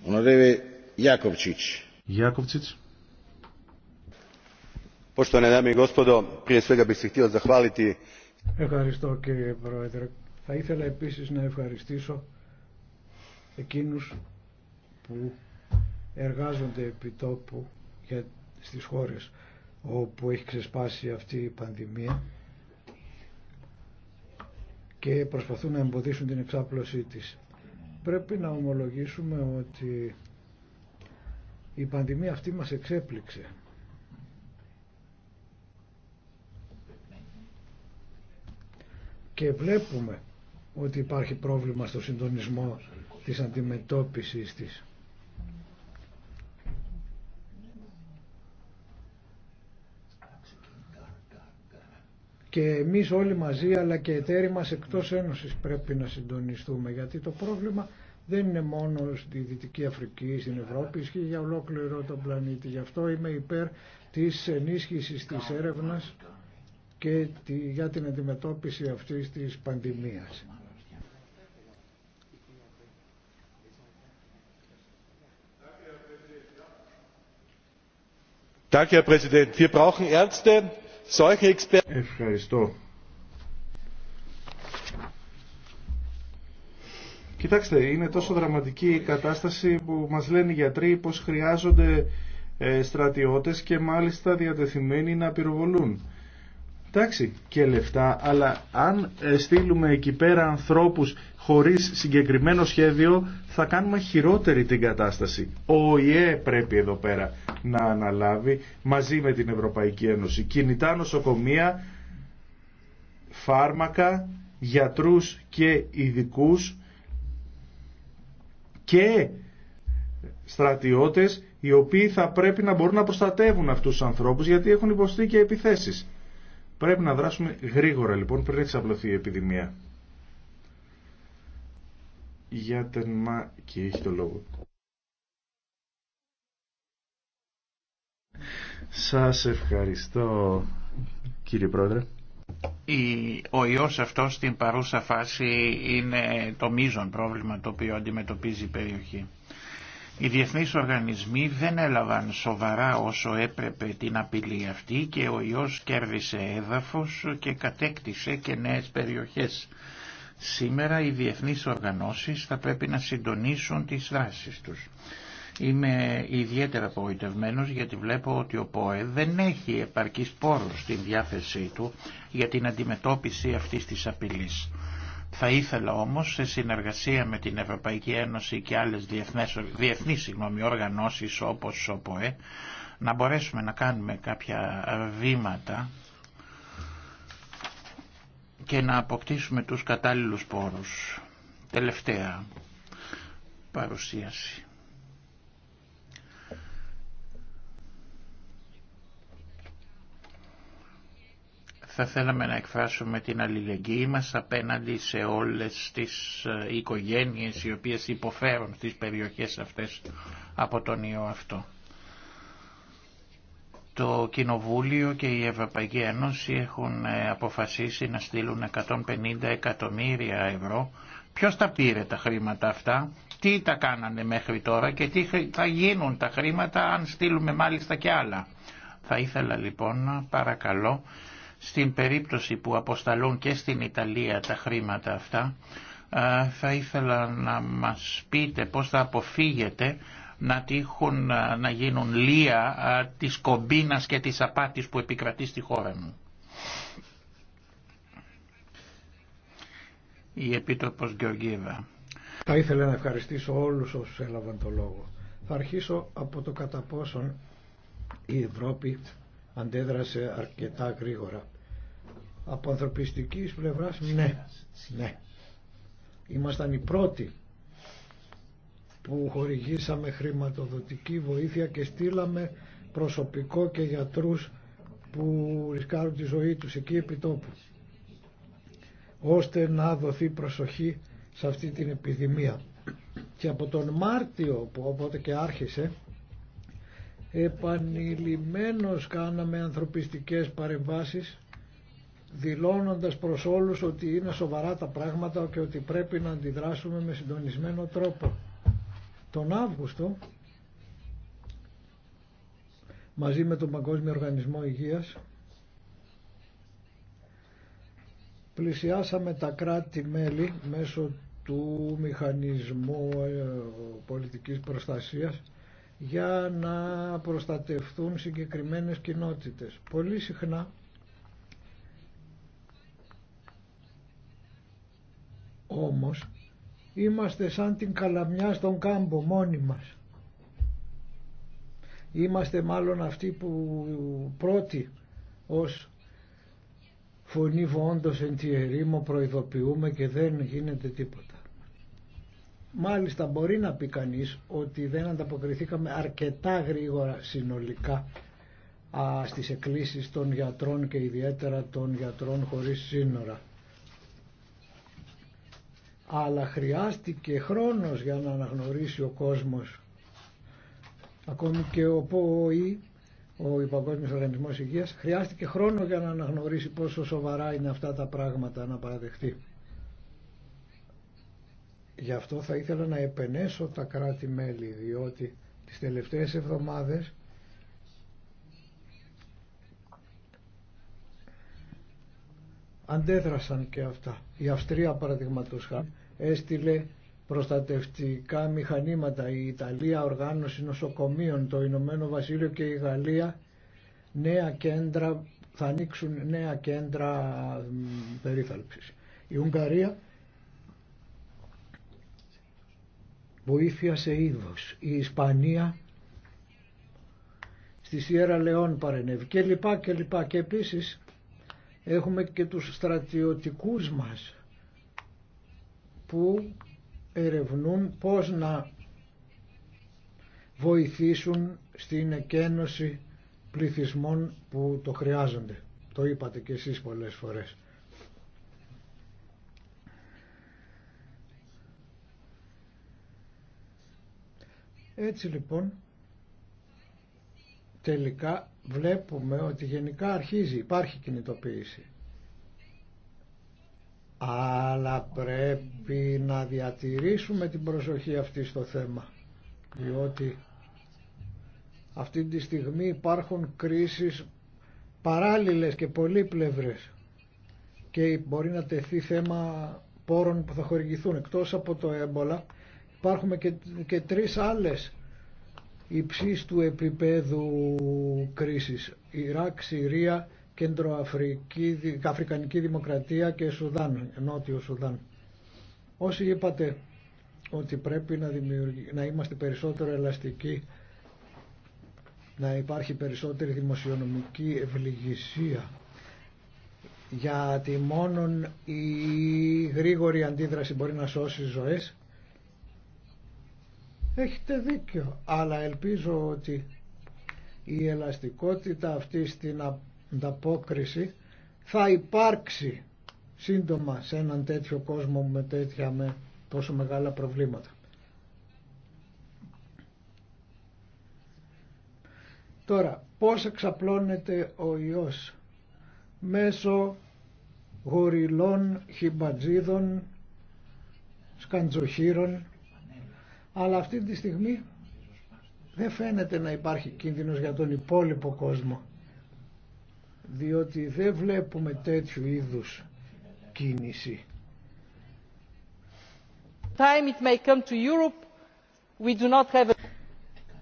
Ονορεύει Γιάκοβτσιτς. Γιάκοβτσιτς. Poštovane dame i gospodo, prije svega bih se htio zahvaliti Ευχαριστώ κύριε Πρόεδρε. Θα ήθελα επίσης να ευχαριστήσω εκείνους που εργάζονται επί τόπου για, στις χώρες όπου έχει ξεσπάσει αυτή η πανδημία και προσπαθούν να εμποδίσουν την εξάπλωσή της. Πρέπει να ομολογήσουμε ότι η πανδημία αυτή μας εξέπληξε. και βλέπουμε ότι υπάρχει πρόβλημα στο συντονισμό της αντιμετώπισης της. και εμείς όλοι μαζί αλλά και εταίροι μας εκτός Ένωσης πρέπει να συντονιστούμε γιατί το πρόβλημα δεν είναι μόνο στη Δυτική Αφρική, στην Ευρώπη, ισχύει για ολόκληρο τον πλανήτη. Γι' αυτό είμαι υπέρ της ενίσχυσης της έρευνας και για την αντιμετώπιση αυτής της πανδημίας. Ευχαριστώ. Κοιτάξτε, είναι τόσο δραματική η κατάσταση που μας λένε οι γιατροί πως χρειάζονται ε, στρατιώτες και μάλιστα διατεθειμένοι να πυροβολούν. Εντάξει και λεφτά, αλλά αν ε, στείλουμε εκεί πέρα ανθρώπους χωρίς συγκεκριμένο σχέδιο θα κάνουμε χειρότερη την κατάσταση. Ο ΙΕ πρέπει εδώ πέρα να αναλάβει μαζί με την Ευρωπαϊκή Ένωση κινητά νοσοκομεία, φάρμακα, γιατρούς και ειδικού και στρατιώτες οι οποίοι θα πρέπει να μπορούν να προστατεύουν αυτούς τους ανθρώπους γιατί έχουν υποστεί και επιθέσεις. Πρέπει να δράσουμε γρήγορα λοιπόν πριν εξαπλωθεί η επιδημία. Για τερμά και έχει το λόγο. Σας ευχαριστώ κύριε Πρόεδρε. Ο ιός αυτός στην παρούσα φάση είναι το μείζον πρόβλημα το οποίο αντιμετωπίζει η περιοχή. Οι διεθνείς οργανισμοί δεν έλαβαν σοβαρά όσο έπρεπε την απειλή αυτή και ο ιός κέρδισε έδαφος και κατέκτησε και νέες περιοχές. Σήμερα οι διεθνείς οργανώσεις θα πρέπει να συντονίσουν τις δράσεις τους. Είμαι ιδιαίτερα απογοητευμένο γιατί βλέπω ότι ο ΠΟΕ δεν έχει επαρκείς πόρους στην διάθεσή του για την αντιμετώπιση αυτής της απειλής. Θα ήθελα όμως σε συνεργασία με την Ευρωπαϊκή Ένωση και άλλες διεθνές, διεθνείς συγγνώμη, οργανώσεις όπως ο να μπορέσουμε να κάνουμε κάποια βήματα και να αποκτήσουμε τους κατάλληλους πόρους. Τελευταία παρουσίαση. θα θέλαμε να εκφράσουμε την αλληλεγγύη μας απέναντι σε όλες τις ε, οικογένειες οι οποίες υποφέρουν στις περιοχές αυτές από τον ιό αυτό. Το Κοινοβούλιο και η Ευρωπαϊκή Ένωση έχουν ε, αποφασίσει να στείλουν 150 εκατομμύρια ευρώ. Ποιος τα πήρε τα χρήματα αυτά, τι τα κάνανε μέχρι τώρα και τι θα γίνουν τα χρήματα αν στείλουμε μάλιστα και άλλα. Θα ήθελα λοιπόν παρακαλώ στην περίπτωση που αποσταλούν και στην Ιταλία τα χρήματα αυτά, θα ήθελα να μας πείτε πώς θα αποφύγετε να τύχουν να γίνουν λία της κομπίνας και της απάτης που επικρατεί στη χώρα μου. Η Επίτροπος Γεωργίδα. Θα ήθελα να ευχαριστήσω όλους όσους έλαβαν το λόγο. Θα αρχίσω από το κατά πόσον η Ευρώπη αντέδρασε αρκετά γρήγορα. Από ανθρωπιστική πλευρά ναι, ναι. Ήμασταν οι πρώτοι που χορηγήσαμε χρηματοδοτική βοήθεια και στείλαμε προσωπικό και γιατρούς που ρισκάρουν τη ζωή τους εκεί επί τόπου ώστε να δοθεί προσοχή σε αυτή την επιδημία. Και από τον Μάρτιο που οπότε και άρχισε επανειλημμένως κάναμε ανθρωπιστικές παρεμβάσεις δηλώνοντας προς όλους ότι είναι σοβαρά τα πράγματα και ότι πρέπει να αντιδράσουμε με συντονισμένο τρόπο. Τον Αύγουστο, μαζί με τον Παγκόσμιο Οργανισμό Υγείας, πλησιάσαμε τα κράτη-μέλη μέσω του μηχανισμού ε, πολιτικής προστασίας για να προστατευτούν συγκεκριμένες κοινότητες. Πολύ συχνά όμως είμαστε σαν την καλαμιά στον κάμπο μόνοι μας. Είμαστε μάλλον αυτοί που πρώτοι ως φωνή βόντος εν τη ερήμο προειδοποιούμε και δεν γίνεται τίποτα. Μάλιστα μπορεί να πει κανεί ότι δεν ανταποκριθήκαμε αρκετά γρήγορα συνολικά α, στις εκκλήσεις των γιατρών και ιδιαίτερα των γιατρών χωρίς σύνορα. Αλλά χρειάστηκε χρόνος για να αναγνωρίσει ο κόσμος. Ακόμη και ο ΠΟΗ, ο Υπαγκόσμιος Οργανισμός Υγείας, χρειάστηκε χρόνο για να αναγνωρίσει πόσο σοβαρά είναι αυτά τα πράγματα να παραδεχτεί. Γι' αυτό θα ήθελα να επενέσω τα κράτη-μέλη, διότι τις τελευταίες εβδομάδες αντέδρασαν και αυτά. Η Αυστρία παραδειγματος χάρη έστειλε προστατευτικά μηχανήματα, η Ιταλία οργάνωση νοσοκομείων, το Ηνωμένο Βασίλειο και η Γαλλία νέα κέντρα, θα ανοίξουν νέα κέντρα περίθαλψης. Η Ουγγαρία βοήθεια σε είδο Η Ισπανία στη Σιέρα Λεόν παρενεύει και λοιπά και λοιπά και επίσης έχουμε και τους στρατιωτικούς μας που ερευνούν πώς να βοηθήσουν στην εκένωση πληθυσμών που το χρειάζονται. Το είπατε και εσείς πολλές φορές. Έτσι λοιπόν τελικά βλέπουμε ότι γενικά αρχίζει, υπάρχει κινητοποίηση. Αλλά πρέπει να διατηρήσουμε την προσοχή αυτή στο θέμα, διότι αυτή τη στιγμή υπάρχουν κρίσεις παράλληλες και πολύπλευρες και μπορεί να τεθεί θέμα πόρων που θα χορηγηθούν εκτός από το έμπολα Υπάρχουν και, και τρεις άλλες του επίπεδου κρίσης. Ιράκ, Συρία, Κέντρο Αφρική, Αφρικανική Δημοκρατία και Σουδάν, Νότιο Σουδάν. Όσοι είπατε ότι πρέπει να, να είμαστε περισσότερο ελαστικοί, να υπάρχει περισσότερη δημοσιονομική ευληγησία, γιατί μόνον η γρήγορη αντίδραση μπορεί να σώσει ζωές, Έχετε δίκιο, αλλά ελπίζω ότι η ελαστικότητα αυτή στην ανταπόκριση θα υπάρξει σύντομα σε έναν τέτοιο κόσμο με τέτοια με τόσο μεγάλα προβλήματα. Τώρα, πώς εξαπλώνεται ο ιός μέσω γοριλών, χιμπατζίδων, σκαντζοχύρων αλλά αυτή τη στιγμή δεν φαίνεται να υπάρχει κίνδυνος για τον υπόλοιπο κόσμο διότι δεν βλέπουμε τέτοιου είδους κίνηση.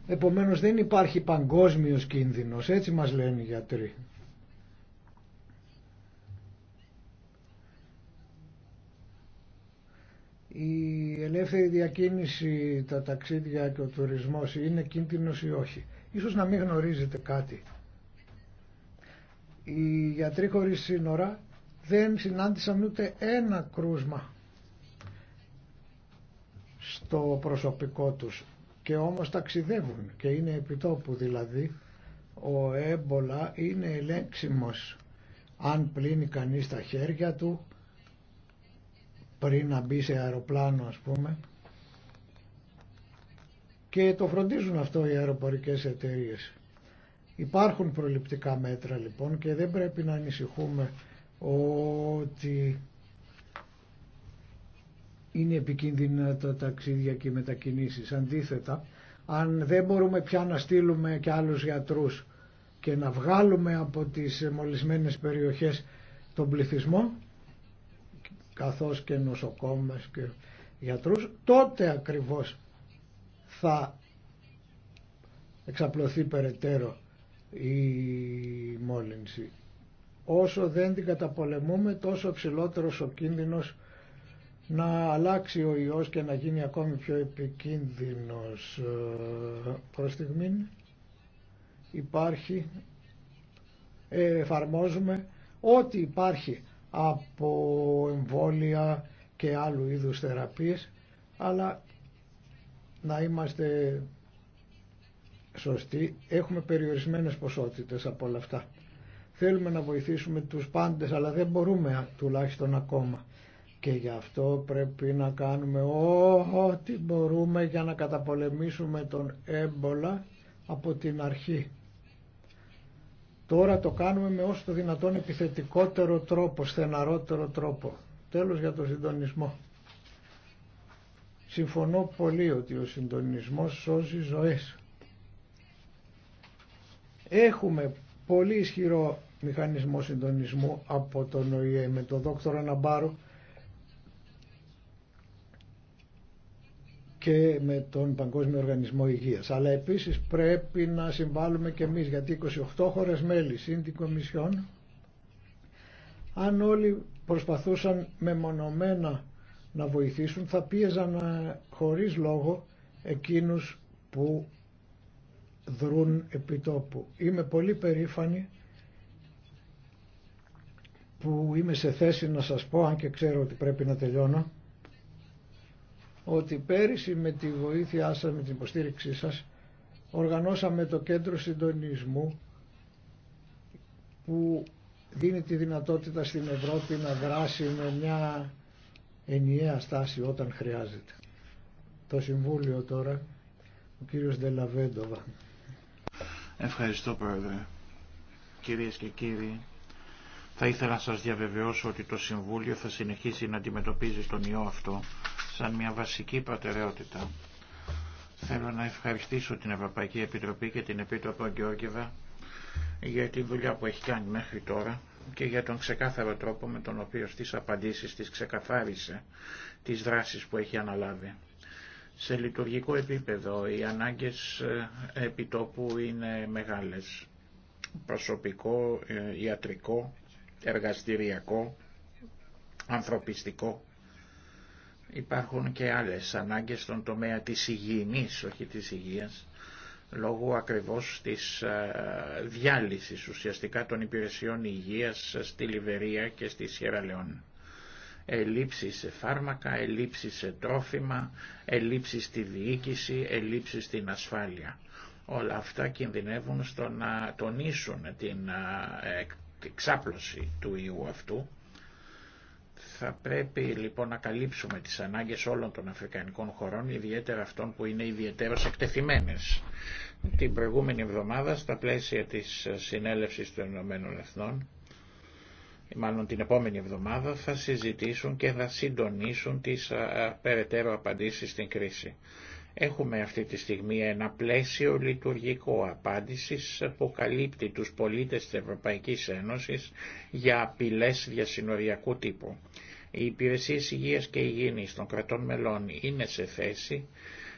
Επομένως δεν υπάρχει παγκόσμιος κίνδυνος, έτσι μας λένε οι γιατροί. Η ελεύθερη διακίνηση, τα ταξίδια και ο τουρισμός είναι κίνδυνος ή όχι. Ίσως να μην γνωρίζετε κάτι. Οι γιατροί χωρίς σύνορα δεν συνάντησαν ούτε ένα κρούσμα στο προσωπικό τους και όμως ταξιδεύουν και είναι επιτόπου δηλαδή ο έμπολα είναι ελέγξιμος αν πλύνει κανείς τα χέρια του πριν να μπει σε αεροπλάνο ας πούμε και το φροντίζουν αυτό οι αεροπορικές εταιρείες. Υπάρχουν προληπτικά μέτρα λοιπόν και δεν πρέπει να ανησυχούμε ότι είναι επικίνδυνα τα ταξίδια και οι μετακινήσεις. Αντίθετα, αν δεν μπορούμε πια να στείλουμε και άλλους γιατρούς και να βγάλουμε από τις μολυσμένες περιοχές τον πληθυσμό, καθώς και νοσοκόμες και γιατρούς, τότε ακριβώς θα εξαπλωθεί περαιτέρω η μόλυνση. Όσο δεν την καταπολεμούμε τόσο ψηλότερος ο κίνδυνος να αλλάξει ο ιός και να γίνει ακόμη πιο επικίνδυνος ε, προς στιγμήν υπάρχει ε, εφαρμόζουμε ό,τι υπάρχει από εμβόλια και άλλου είδους θεραπείες αλλά να είμαστε σωστοί έχουμε περιορισμένες ποσότητες από όλα αυτά θέλουμε να βοηθήσουμε τους πάντες αλλά δεν μπορούμε τουλάχιστον ακόμα και γι' αυτό πρέπει να κάνουμε ό,τι μπορούμε για να καταπολεμήσουμε τον έμπολα από την αρχή Τώρα το κάνουμε με όσο το δυνατόν επιθετικότερο τρόπο, στεναρότερο τρόπο. Τέλος για το συντονισμό. Συμφωνώ πολύ ότι ο συντονισμός σώζει ζωές. Έχουμε πολύ ισχυρό μηχανισμό συντονισμού από τον ΟΗΕ με τον Δόκτωρο Ναμπάρο και με τον Παγκόσμιο Οργανισμό Υγείας. Αλλά επίσης πρέπει να συμβάλλουμε και εμείς γιατί 28 χώρες μέλη συν την αν όλοι προσπαθούσαν μεμονωμένα να βοηθήσουν θα πίεζαν ε, χωρίς λόγο εκείνους που δρούν επιτόπου. Είμαι πολύ περήφανη που είμαι σε θέση να σας πω, αν και ξέρω ότι πρέπει να τελειώνω, ότι πέρυσι με τη βοήθειά σας, με την υποστήριξή σας, οργανώσαμε το κέντρο συντονισμού που δίνει τη δυνατότητα στην Ευρώπη να δράσει με μια ενιαία στάση όταν χρειάζεται. Το Συμβούλιο τώρα, ο κύριος Δελαβέντοβα. Ευχαριστώ Πρόεδρε. Κυρίες και κύριοι, θα ήθελα να σας διαβεβαιώσω ότι το Συμβούλιο θα συνεχίσει να αντιμετωπίζει τον ιό αυτό σαν μια βασική προτεραιότητα. Θέλω να ευχαριστήσω την Ευρωπαϊκή Επιτροπή και την Επίτροπο Αγγιόγκεβα για τη δουλειά που έχει κάνει μέχρι τώρα και για τον ξεκάθαρο τρόπο με τον οποίο στις απαντήσεις της ξεκαθάρισε τις δράσεις που έχει αναλάβει. Σε λειτουργικό επίπεδο οι ανάγκες ε, επιτόπου είναι μεγάλες. Προσωπικό, ε, ιατρικό, εργαστηριακό, ανθρωπιστικό. Υπάρχουν και άλλες ανάγκες στον τομέα της υγιεινής, όχι της υγείας, λόγω ακριβώς της ε, διάλυσης ουσιαστικά των υπηρεσιών υγείας στη Λιβερία και στη Σιεραλεόν ελλείψεις σε φάρμακα, ελλείψεις σε τρόφιμα, ελλείψεις στη διοίκηση, ελλείψεις στην ασφάλεια. Όλα αυτά κινδυνεύουν στο να τονίσουν την ε, εξάπλωση του ιού αυτού θα πρέπει λοιπόν να καλύψουμε τις ανάγκες όλων των αφρικανικών χωρών, ιδιαίτερα αυτών που είναι ιδιαίτερως εκτεθειμένες. Την προηγούμενη εβδομάδα, στα πλαίσια της συνέλευσης των Ηνωμένων Εθνών, μάλλον την επόμενη εβδομάδα, θα συζητήσουν και θα συντονίσουν τις περαιτέρω απαντήσεις στην κρίση. Έχουμε αυτή τη στιγμή ένα πλαίσιο λειτουργικό απάντησης που καλύπτει τους πολίτες της Ευρωπαϊκής Ένωσης για απειλές διασυνοριακού τύπου. Οι υπηρεσίες υγείας και υγιεινής των κρατών μελών είναι σε θέση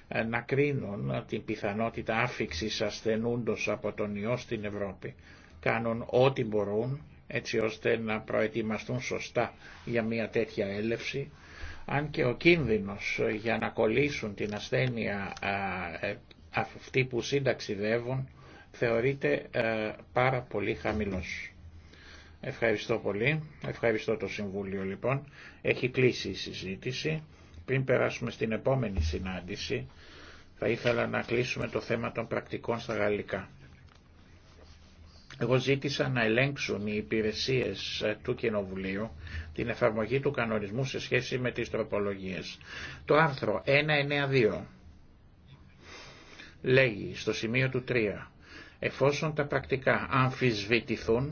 ε, να κρίνουν την πιθανότητα άφηξης ασθενούντος από τον ιό στην Ευρώπη. Κάνουν ό,τι μπορούν έτσι ώστε να προετοιμαστούν σωστά για μια τέτοια έλευση αν και ο κίνδυνος για να κολλήσουν την ασθένεια ε, αυτοί που συνταξιδεύουν θεωρείται ε, πάρα πολύ χαμηλός. Ευχαριστώ πολύ. Ευχαριστώ το Συμβούλιο λοιπόν. Έχει κλείσει η συζήτηση. Πριν περάσουμε στην επόμενη συνάντηση, θα ήθελα να κλείσουμε το θέμα των πρακτικών στα γαλλικά. Εγώ ζήτησα να ελέγξουν οι υπηρεσίες ε, του Κοινοβουλίου την εφαρμογή του κανονισμού σε σχέση με τις τροπολογίες. Το άρθρο 192 λέγει στο σημείο του 3 εφόσον τα πρακτικά αμφισβητηθούν